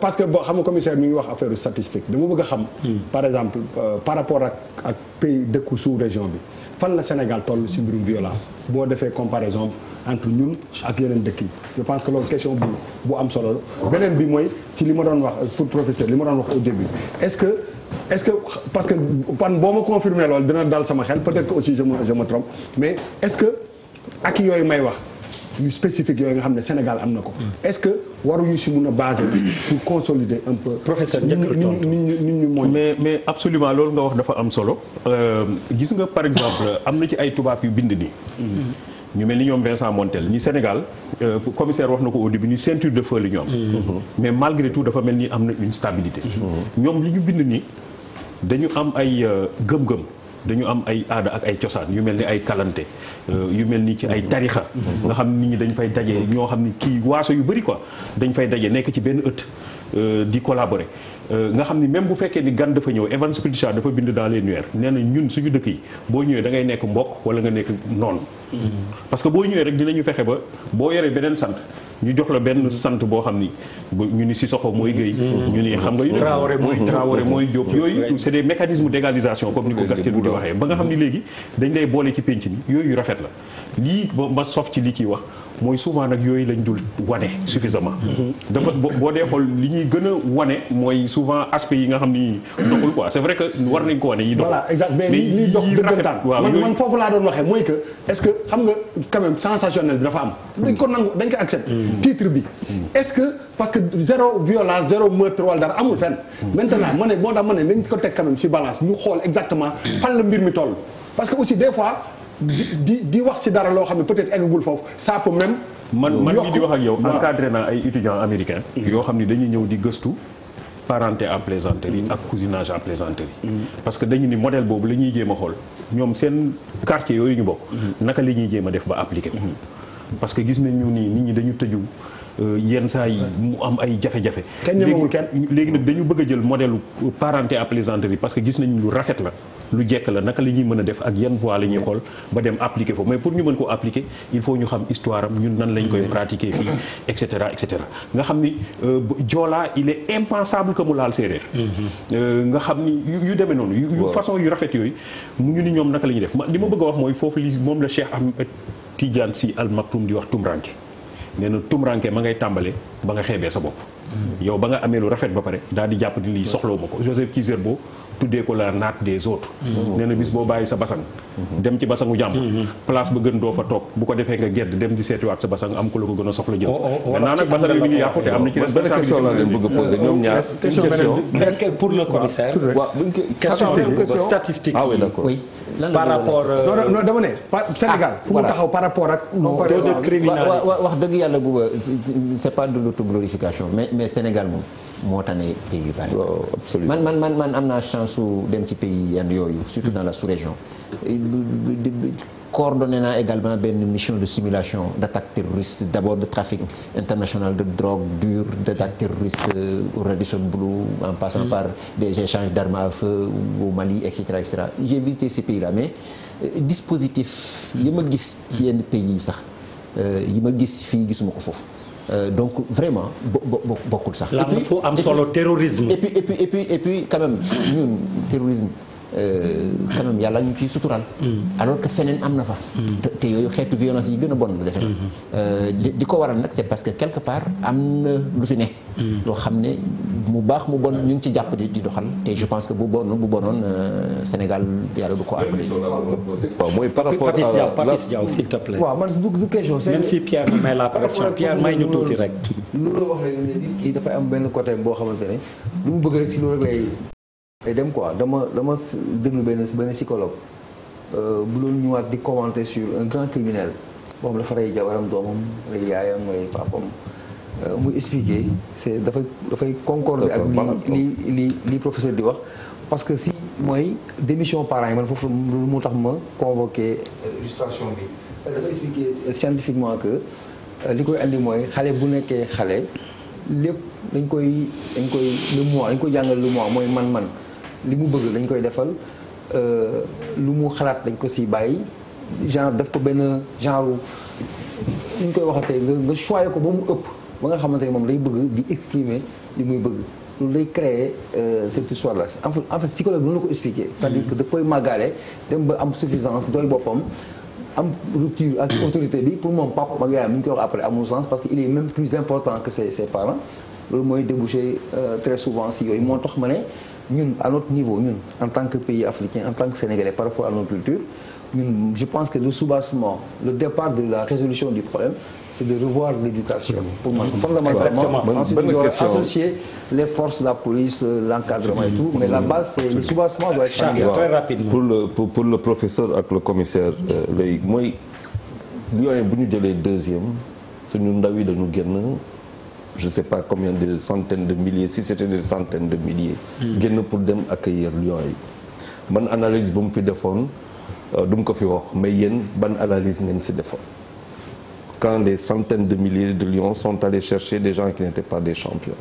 parce que boo commissaire mi ngi wax affaire statistique dama bëgg xam. Hmm. par exemple euh, par rapport ak ak pays dëkku sous région bi fan la Sénégal toll si mbirum violence boo defee comparaison entre ñun ak yeneen dëkk yi je pense que loolu question bu bu am solo la beneen bi mooy ci li ma doon wax pour professeur li ma doon wax au début est-ce que. est-ce que parce que pan boo ma confirmer loolu dina dal sama xel peut-être que aussi je me je me mais est-ce que ak yooyu may wax yu spécifique yooyu nga xam ne Sénégal am na ko. Mm. est-ce que waruñu si mun a baser pour consolider un peu. professeur nit ñu nit mais mais absolument loolu nga wax dafa am solo. Euh, gis nga par exemple am na ci ay tubaab yu bind nii. Mm-hmm. ñu mel ni ñoom Vincent Montel ñi Sénégal euh, commissaire wax na ko au début ni ceinture de feu li mm-hmm. mais malgré tout dafa mel ni am na une stabilité. Mm-hmm. ñoom ñu bind nii. dañu am ay euh, gëm-gëm dañu am ay aada ak ay cosaan yu mel ni ay kalante euh, yu mel ni ci ay tarixa nga xam nit ñi dañ fay daje ñoo xam ni kii waaso yu bëri quoi dañ fay daje nekk ci benn ëtt euh, di collaborer nga xam ni même bu fekkee ni gan dafa ñëw Evans Pritchard dafa bind dans les Nuer nee na ñun suñu dëkk yi boo ñëwee da ngay nekk mbokk wala nga nekk noonu mm-hmm. parce que boo ñëwee rek dinañu fexe ba boo yoree beneen sant ñu jox la benn sant boo xam ni ñu ni Sissoko mooy Gueye ñu ni xam nga yu Traoré mooy Traoré mooy Diop yooyu c'est des mécanismes d'égalisation comme ni ko Gaston di waxee ba nga xam ni léegi dañ lay boole ci pénc mi yooyu rafet la lii ma sof ci li ciy wax mooy souvent nag yooyu lañ dul wane suffisamment. dafa boo dee xool li ñuy gën a wane mooy souvent aspect yi nga xam ni doxul quoi c'est vrai que war nañ ko wane yi doxul. voilà exact mais li dox dëggantaan man man foofu laa doon waxee mooy que est-ce que xam nga quand même sensationnel bi dafa am. dañ ko nangu dañ ko accepté. Mm. titre bi est-ce que parce que zéro violence zéro meurtre wala dara amul fenn. Mm. maintenant ma ne moo tax ma ne nañ ko teg quand même ci balance ñu xool exactement fan la mbir mi toll parce que aussi des fois. di di wax si dara loo xam ne peut-être eggagul foofu ça peut même. man man mii di wax ak yow encadré naa ay étudiants américains. yoo xam ne dañuy ñëw di gëstu. parenté en plaisanterie ak cousinage en plaisanterie. Mm-hmm. parce que dañu ni modèle boobu la ñuy jéem a xool ñoom seen quartier yooyu ñu bokk. Mm-hmm. naka la ñuy jéem a def ba appliquer ko. Mm-hmm. parce que gis nañ ni nit ñi dañu tëju. Euh, yenn saa yi mu am ay jafe-jafe. kenn ñemewul kenn léegi nag dañu bëgg jël modèle parente à plaisanterie parce que gis nañu lu rafet la lu jekk la naka la ñuy mën a def ak yan voie la ñuy xool ba dem appliquer foofu mais pour ñu mën ko appliquer il faut ñu xam histoire am ñun nan lañ koy pratiquer fii et et cetera nga xam ni euh, joolaa il est impensable que mu laal séeréer. Mm-hmm. Euh, nga xam ni yu demee noonu. yu façon yu rafet yooyu mu ñu ni ñoom naka la ñuy def li ma bëgg a wax mooy foofu l moom la Cheikh Ahmed Tidiane Sy Al Maktoum di wax Tumranke. nee na tumranke ma ngay tàmbali ba nga xeebee sa bopp yow ba nga amee lu rafet ba pare daal di jàpp di lii soxlawu ma ko Joseph Kizerbo tuddee ko la naat des autres mm-hmm. nee na bis boo bàyyi sa basang mm-hmm. dem ci basangu jàmm mm-hmm. place ba gën doo fa toog bu ko defee nga gedd dem di seetiwaat sa basan am ku la ko gën a soxla jël oh, oh, oh, maintenant nag basang yi mi ngi yàqu te am na la a poser ñoom ñaar question pour le commissaire waaw statistique ah oui d'accord par wax dëgg yàlla buba c'est pas de l'autoglorification mais mais Sénégal moom moo tane pays yu bari. man man man man am naa chance su dem ci pays yenn yooyu. surtout dans la sous-région. coordonné naa également benn mission de simulation d'attaque terroriste d'abord de trafic international de drogue dure d'attaque terroriste au euh, Radisson Blu en passant mm. par des échanges d'armes à feu au Mali et cetera et cetera j'ai visité ces pays-là mais euh, dispositif yi ma gis ci yenn pays yi sax euh, yi ma gis fii gisuma ko foofu Euh, donc vraiment bo bokkul sax. et puis am solo terrorisme. et puis et puis et puis et puis quand même ñun terrorisme. quand euh, même yàlla ñu ciy sutural mm. alors que feneen am na fa mm. te yooyu xeetu violence yi gën a bon la defe mm-hmm. euh, di ko waral nag c'est parce que quelque part am na lu fi ne mm. loo xam ne mu baax mu bon ñu ngi ci jàpp di doxal te je pense que bu bon bu bonoon euh, Sénégal yàlla du ko àppale waaw mooy par rapport à Papis Diaw s'il te plaît waaw man du question même si may la pression rek am benn côté boo xamante ne lu mu bëgg rek si loolu rek day dem quoi dama dama déglu benn benn psychologue euh, bu doon ñëwaat di commenter sur un grand criminel boo xam dafa rey jabaram doomam rey yaayam rey papam euh, muy expliquer c'est dafay dafay concorder ak li li li professeur di wax parce que si mooy démission parent yi man foofu lu mu tax ma convoqué illustration euh, bi dafa expliquer scientifiquement que li koy indi mooy xale bu nekkee xale lépp dañ koy dañ koy lu dañ koy jàngal lu moi mooy man-man li mu bëgg lañ koy defal euh, lu mu xalaat dañ ko si bàyyi genre def ko benn genre ñu koy waxatee nga nga choyé ko ba mu ëpp ba nga xamante ne moom lay bëgg di exprimer li muy bëgg loolu lay créer euh, cette histoire là en fait en fait psychologue ko expliquer c'est-à-dire mm. que daf koy màggaale dem ba am suffisance doy boppam am rupture ak mm. autorité bi pour moom papa ak yaayam mu ngi koy wax après amul sens parce que il est même plus important que ses ses loolu mooy débouché euh, très yooyu moo tax ma ne ñun à notre niveau ñun en tant que pays africain en tant que sénégalais par rapport à nos cultures ñun je pense que le soubassement le départ de la résolution du problème c'est de revoir l'éducation pour moi fondamentalement ensuite on doit associer les forces la police euh, l'encadrement et tout mais la base c'est le soubassement doit être changé très rapidement pour le pour le professeur ak le commissaire euh, léegi mooy yooyu bu ñu jëlee deuxième suñu ndaw yi dañu génn je sais pas combien de centaines de milliers si c'était des centaines de milliers hmm. génn pour dem accueillir lion yi man analyse bu mu fi defoon euh, du mu ko fi wax mais yéen ban analyse ngeen si defoon quand les centaines de milliers de lions sont allés chercher des gens qui n'étaient pas des champions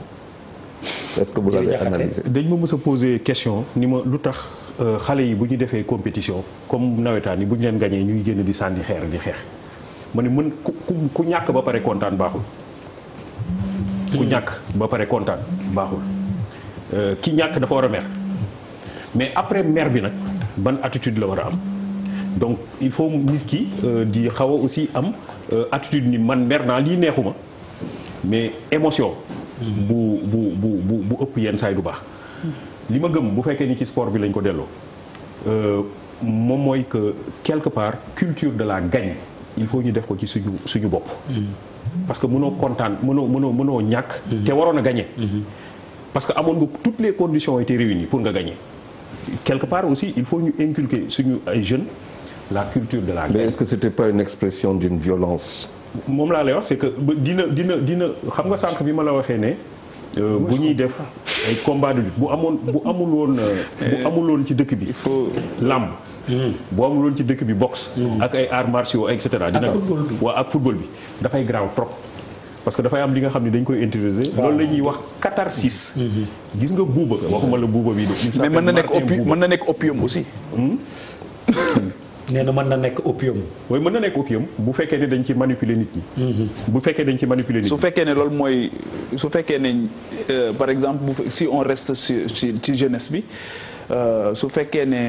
est-ce que vous l'avez analysé dañ ma mës a question ni ma lu tax euh, xale yi bu ñu defee compétition comme nawetaan yi bu ñu leen gañee ñuy génn di sànni xeer di xeex ma ne mën ku ku ñàkk ba pare kontaan baaxul ku ñàkk ba pare kontaan baaxul euh, ki ñàkk dafa war a mer mais après mer bi nag ban attitude la war a am donc il faut nit ki euh, di xaw a aussi am euh, attitude ni man mer naa lii neexuma mais émotion bu bu bu ëpp yenn saay du baax li ma gëm bu fekkee ni ci sport bi lañ ko delloo moom mooy que quelque part culture de la gagne il faut ñu def ko ci suñu suñu bopp mm. parce que mënoo kontaan mënoo mënoo mënoo ñàkk. te waroon a gagné. parce que amoon nga toutes les conditions ont été réunies pour nga gagné. quelque part aussi il faut ñu inculquer suñu ay jeunes la culture de la guerre. mais est-ce que c'était pas une expression d'une violence. moom laa lay wax c'est que dina dina dina xam nga sànq bi ma la waxee ne. Euh, bu ñuy def ay combat de bu amoon bu amul woon euh, bu eh, ci dëkk bi. il faut làmb. Hmm. bu amul ci dëkk bi boxe. Hmm. ak ay arts martiaux et cetera. dina waa ak football bi dafay graaw trop. parce que dafay am li nga xam ne dañ koy intérioriser. loolu la ñuy wax catharsis. Hmm. gis nga buuba waxuma la buuba bi de. mais mën na nekk opium mën na nekk opium aussi. nee na mën na nekk opium. mooy mën na nekk opium bu fekkee ne dañ ci manipuler nit ñi. Mhm. bu fekkee dañ ci manipuler nit ñi. su fekkee ne loolu mooy su fekkee ne euh, par exemple bu si on reste sur ci jeunesse bi euh, su fekkee ne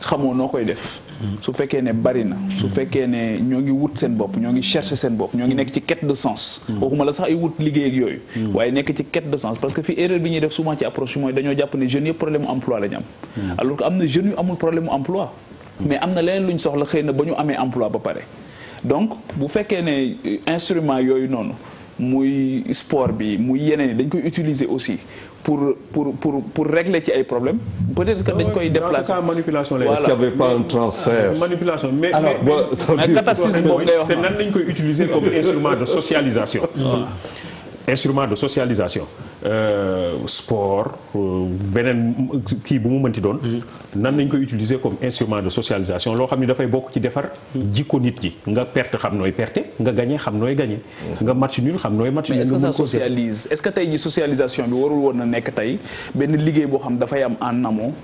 xamoo noo koy def. su fekkee ne bari na. su fekkee ne ñoo ngi wut seen bopp ñoo ngi chercher seen bopp ñoo ngi nekk ci quête de sens. Mhm. waxuma la sax ay wut liggéey yooyu. Mhm. waaye nekk ci quête de sens parce que fi erreur bi ñuy def souvent ci approche mooy dañoo jàpp ne jeunes emploi. mais am na leneen lu ñu soxla xëy na ba ñu amee emploi ba pare donc bu fekkee ne euh, instrument yooyu noonu muy sport bi muy yeneen yi dañ koy utiliser aussi pour pour pour pour régler ci ay problèmes peut-être que dañ koy déplacer. dans ce cas manipulation lay. voilà est-ce qu'il ah, mais alors mais catastrophe boobu ngay wax koy utiliser comme instrument de socialisation. instrument de socialisation. Euh, sport euh, beneen kii bu mu mënti doon. Mm-hmm. nan nañ koy utiliser comme instrument de socialisation loo xam ni dafay bokk ci defar. Mm-hmm. jikko nit ji nga perte xam nooy perte nga gagné xam nooy gagné. Mm-hmm. nga match nul xam nooy match nul. mais est-ce que ça socialise est-ce que tey jii socialisation bi warul woon na nekk tey benn liggéey boo xam dafay am en amont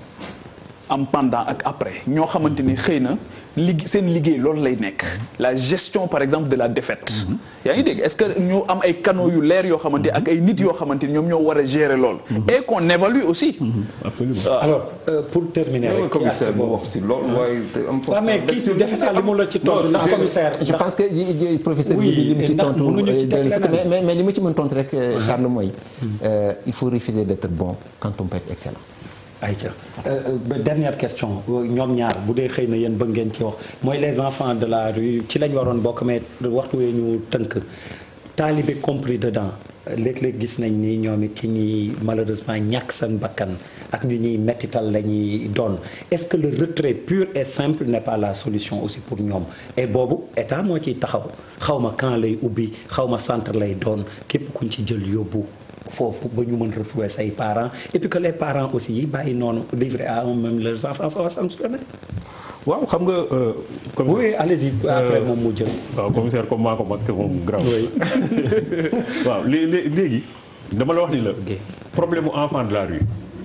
am pendant ak après ñoo xamante ni xëy na. ligg seen liggéey loolu lay nekk la gestion par exemple de la défaite mm-hmm. yaa ngi dégg est-ce que ñu am ay canaux yu leer yoo xamante ak ay nit yoo xamante ni ñoom ñoo war a gérer loolu mm-hmm. et qu'on évalue aussi mm-hmm. absolument ah. alors euh, pour terminer rek commissaire moo wax ah, ci loolu waaye am fa mais kii défaite li je que yi professeur bi li mu ci tontu euh, mais mais li ma ci mën tontu rek euh, il faut refuser d'être bon quand on peut excellent ayca euh, euh, dernière question ñoom ñaar bu dee xëy na yéen bëgg ngeen ci wax mooy les enfants de la rue ci lañ waroon bokk mais waxtu wee ñu tënk taalibe compris dedans léeg-léeg gis nañ ni ñoom it ci ñuy malheureusement ñàkk seen bakkan ak ñu ñuy mettital lañuy ñuy doon est-ce que le retrait pur et simple n'est la solution aussi pour ñoom et boobu état moo ciy taxaw xaw ma camp lay ubbi xaw ma centre lay doon képp kuñ ci jël yóbbu foofu ba ñu mën retrouver say parents et puis que les parents aussi yi bàyyi noonu livrer à eux-mêmes leurs enfants à sanctionner waaw xam nga. Euh, commissaire oui euh, moom mu jël. waaw commissaire comme maa ko mag moom grave. waaw léegi dama la wax ni la. problème mu enfant de la rue.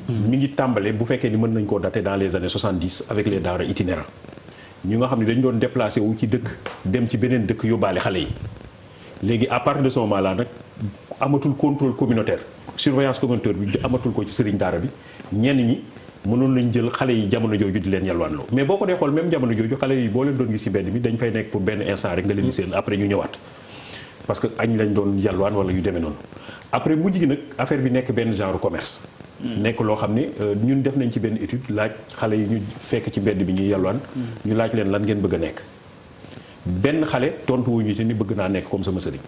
Hmm. mi ngi tàmbalee bu fekkee ni mën nañ koo dater dans les années 70 avec les daara itinérants ñu nga xam ne dañu doon déplacé wu ci dëkk dem ci beneen dëkk yóbbaale xale yi léegi à partir de ce moment là nag. amatul contrôle communautaire surveillance communautaire bi amatul ko ci sëriñ daara bi ñenn ñi mënoon lañ jël xale yi jamono jooju di leen yalwaanloo mais boo ko dee xool même jamono jooju xale yi boo leen doon gis ci benn bi dañ fay nekk pour benn instant rek nga leen di seen après ñu ñëwaat parce que añ lañ doon yalwaan wala yu deme noonu après mujj gi nag affaire bi nekk benn genre commerce hmm. nekk loo xam ne euh, ñun def nañ ci benn étude laaj xale yi ñu fekk ci mbedd bi ñuy yalwaan hmm. ñu laaj leen lan bëgg a nekk benn xale tontu wuñu ci ni bëgg naa nekk comme sama sëriñ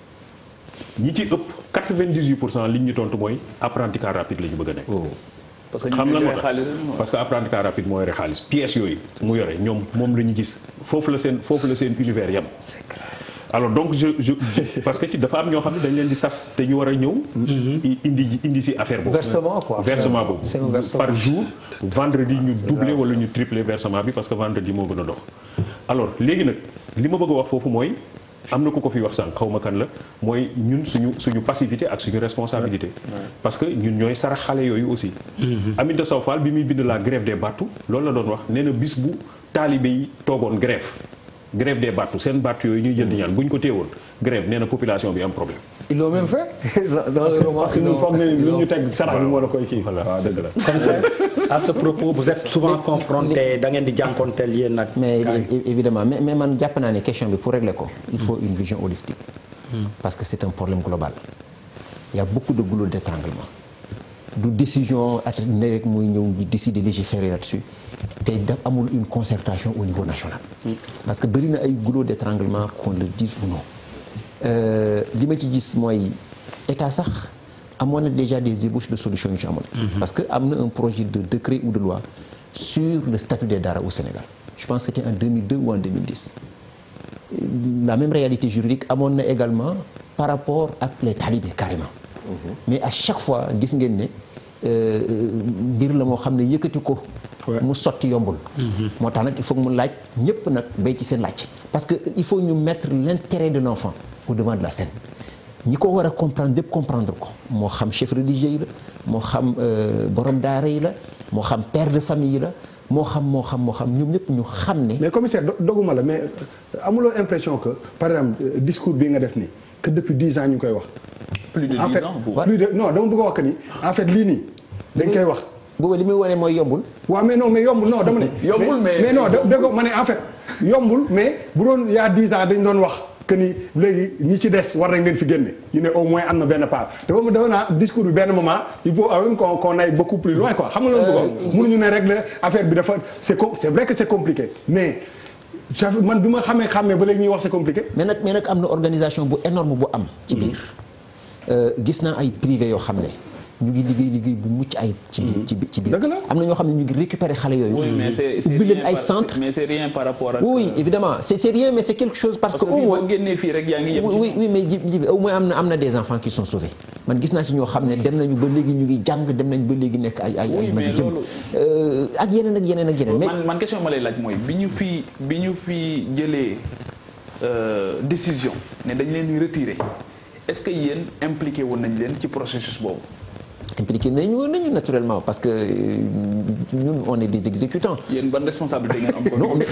ñi ci ëpp 98 pour cent liñ ñu tontu mooy apprenti car rapide la ñu bëgg a nekk. Oh. parce que xam lan moo parce que apprenti car rapide moo yore xaalis pièces yooyu mu yore ñoom moom la ñu gis foofu la seen foofu la seen univers yam alors donc je je parce que ci dafa am ñoo xam ne dañ leen di sas te ñu war a ñëw. Mm-hmm. indi indi si affaire boobu. versement quoi versement boobu. par jour vendredi ñu doubler wala ñu tripler versement bi parce que vendredi moo gën a dox. alors léegi nag li ma bëgg a wax foofu mooy. am na ku ko fi wax sànq xaw ma kan la mooy ñun suñu suñu passivité ak suñu responsabilité. parce que ñun ñooy sarax xale yooyu aussi. Mm-hmm. Aminata Sow Fall bi muy bind la grève des battu loolu la doon wax nee na bis bu taalibe yi toogoon grève grève des battu seen battu yooyu ñuy jënd ñaan bu ñu ko téewoon grève nee na bi am problème. ils l'ont même fait. parce que ñun foog nañu lu ñu moo la koy kii. voilà dëgg la à ce propos vous êtes souvent confronté da ngeen di jànkonteel yéen nag. mais évidemment mais mais man jàpp naa ne question bi pour régler ko. il faut une vision holistique. Hmm. parce que c'est un problème global. il y a beaucoup de goulot d'étranglement. du décision at ne rek muy ñëw ñu décider légiférer là-dessus te daf amul une concertation au niveau national. Hmm. parce que bëri na ay goulot d'étranglement qu'on le dise ou Euh, li ma ci gis mooy état sax amoon na déjà des ébauches de solution yu ci amoon. Mhm. parce que am na un projet de décret ou de loi sur le statut des daara au Sénégal je pense que c'était en 2002 ou en 2010 euh, la même réalité juridique amoon na également par rapport ak les talibés carrément. Mhm. mais à chaque fois gis ngeen ne. Euh, mbir la moo xam ne yëkkati ko. mu sotti yombul. Mhm. moo tax nag il faut mu laaj ñëpp nag béy ci seen laaj. parce que il faut ñu mettre l'intérêt de l'enfant au devant de la scène ñi ko war a comprendre lépp comprendre ko moo xam chef religieux yi la moo xam euh, borom daara yi la moo xam pere de famille yi la. moo xam moo xam moo xam ñoom ñëpp ñu xam ne. mais commissaire doguma la mais amuloo impression que par exemple euh, discours bi nga def nii. que depuis dix ans ñu ngi koy wax. plus de dix ans pour plus de non dama bëgg a wax que ni en lii nii dañ koy wax. booba li muy wane mooy yombul. waaw mais non mais yombul non dama ne. yombul mais mais non dégg ma ne bu doon y a ans dañ doon wax. que ni léegi ñi ci des war nañ leen fi génne ñu ne au moins am na benn part te boobu defe naa discours bi benn moment il faut même qu'on qu'on aille beaucoup plus loin euh, ne rek la bi dafa c'est c'est vrai c'est compliqué mais man bi ma xamee xamee ba léegi ñuy wax c'est compliqué. mais nag mais nag am na organisation bu énorme bu am. ci biir euh, gis naa ay privé yoo xam ne. ñu ngi liggéey liggéey bu mucc ayib. ci biir ci biir am na ñoo xam ne ñu ngi récupérer xale yooyu. oui mais c'est ubbi leen ay centre mais c'est rien par rapport ak. oui euh, évidemment c'est c'est quelque chose parce que. au moins génnee fii rek yaa ngi yem ci oui na am dem nañu ba léegi ñu ngi jàng dem nañu ba léegi nekk ay ay ay. mag jëm euh, ak yeneen ak yeneen ak yeneen. mais man man question ma lay laaj mooy bi ñu euh, décision ne dañ leen di retirer est-ce que woon nañ leen ci processus boobu impliqué nañu nañu naturellement parce que euh, ñun on est des exécutants. yéen ban responsabilité ngeen am. non mais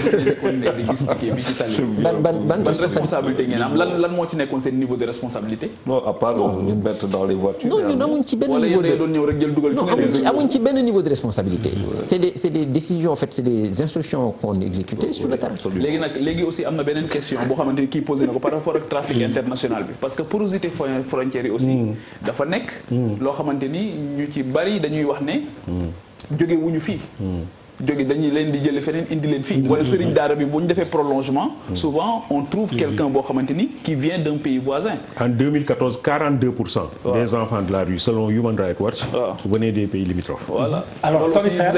ban ban ban responsabilité ngeen am lan lan moo ci nekkoon seen niveau de responsabilité. non à part ñu bett dans les voitures. non ñun amuñ ci benn niveau de doon ñëw rek jël dugal. ci amuñ ci benn niveau de responsabilité. c' est des c' est des décisions en fait c' est des instructions qu' on exécutait sur le terrain. léegi nag léegi aussi am na beneen question boo xamante ni kii posé na ko par rapport ak trafic mm. international bi parce que porosité frontière yi aussi. Mm. dafa nekk mm. loo xamante ni ñu ci bari dañuy wax ne hmm. jóge wuñu fii hmm. jóge dañuy leen di jële feneen indi leen fii wala sëriñ daara bi bu ñu defee prolongement mm. souvent on trouve mm. quelqu'un boo xamante ni qui vient d'un pays voisin en 2014 42 pour cent des enfants de la rue selon Human Rights Watch venaient des pays limitrophes voilà mm-hmm. alors commissaire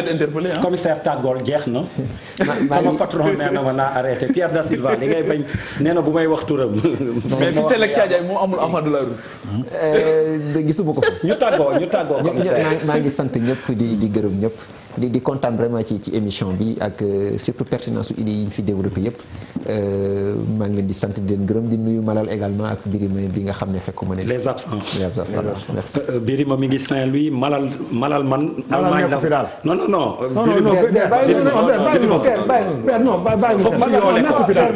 commissaire tàggool jeex sama patron nee naa arrêté Pierre Da Silva li ngay bañ nee bu may wax turam mais fi Selek Thiadiaye moom amul enfant de la rue euh, gisuma ko fa ñu tàggoo ñu tàggoo commissaire di di kontaan vraiment ci ci émission bi ak surtout pertinence su idées fi développé yëpp maa ngi leen di sant di leen gërëm di nuyu Malal également ak Birima bi nga xam ne fekku ma ne. les absents les absents voilà merci. Birima mi ngi Saint-Louis Malal Malal man. Allemagne la fi daal non non non. non non non bàyyi non non bàyyi non bàyyi foofu man yoo daal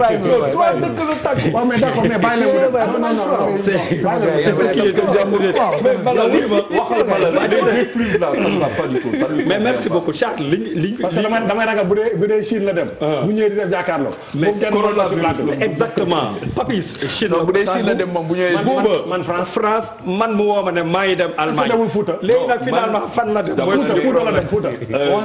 mais d'accord mais bàyyi non non non c'est ce qui est donc chaque li li parce que damay damay ragal bu dee bu dee Chine la dem. Ah. bu ñëwee di def jàkkaarloo. mais coronavirus exactement. papis Chine la bu dee Chine la dem moom bu ñëwee. booba man France France ma maa ngi dem Allemagne. demul Fouta léegi nag fan la dem. Fouta Fouta la dem Fouta. Euh, euh,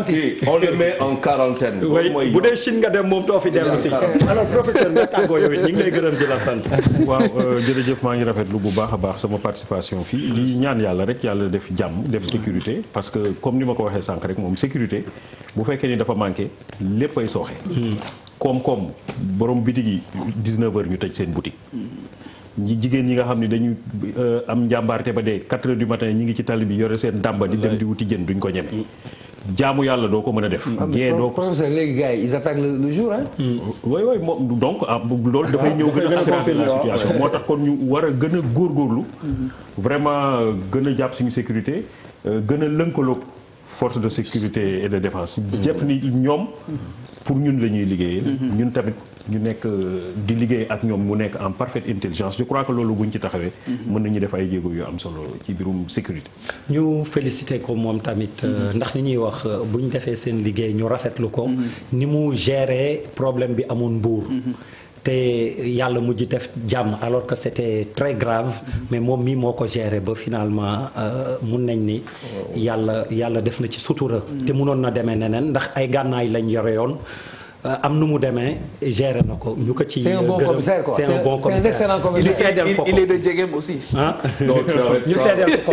on le met bu dee Chine nga dem moom doo fi dellu si. alors professeur nga tàggoo yow it ñu ngi lay gërëm di la sant. waaw euh, jërëjëf maa ngi rafetlu bu baax a baax sama participation fii li ñaan yàlla rek yàlla def jàmm def sécurité parce que comme ni ma ko waxee sànq rek moom sécurité bu fekkee ni dafa manqué léppay sooxe. koom-koom borom bitig yi 19h ñu tëj seen boutique. ñi jigéen ñi nga xam ne dañu euh, am njàmbaarte ba dee 4 heures du matin ñi ngi ci tali bi yore seen dàmba di dem di wuti jën duñ ko ñeme. jaamu yàlla doo ko mën a def. Mm. gée doo ko professeur léegi gars yi ils attaquent le jour hein. Mm. oui oui ah, loolu dafay ñëw gën a aggraver ah, la situation moo tax kon ñu war a gën a góorgóorlu. Mm-hmm. vraiment gën a jàpp suñu sécurité euh, gën a lënkaloog. force de sécurité et de défense. jëf ni ñoom pour ñun la ñuy liggéeyee. ñun tamit ñu nekk di liggéey ak ñoom mu nekk en parfait intelligence je crois que loolu buñ ci taxawee. mën nañu def ay jéego yu am solo ci biirum sécurité. ñu félicité ko moom tamit euh, ndax ni ñuy wax bu ñu defee seen liggéey ñu rafetlu ko. Mm-hmm. ni mu gérer problème bi amoon mbuur mm-hmm. te yàlla mujj def jàmm alors que c'était très grave mais moom mii moo ko géré ba finalement euh, mun nañ ni yàlla yàlla def na ci sutura te munoon na demee neneen ndax ay gànnaay lañ yore yoon euh, am nu mu demee géré na ko ñu ko ci. c'est un bon euh, ñu seedeel ko.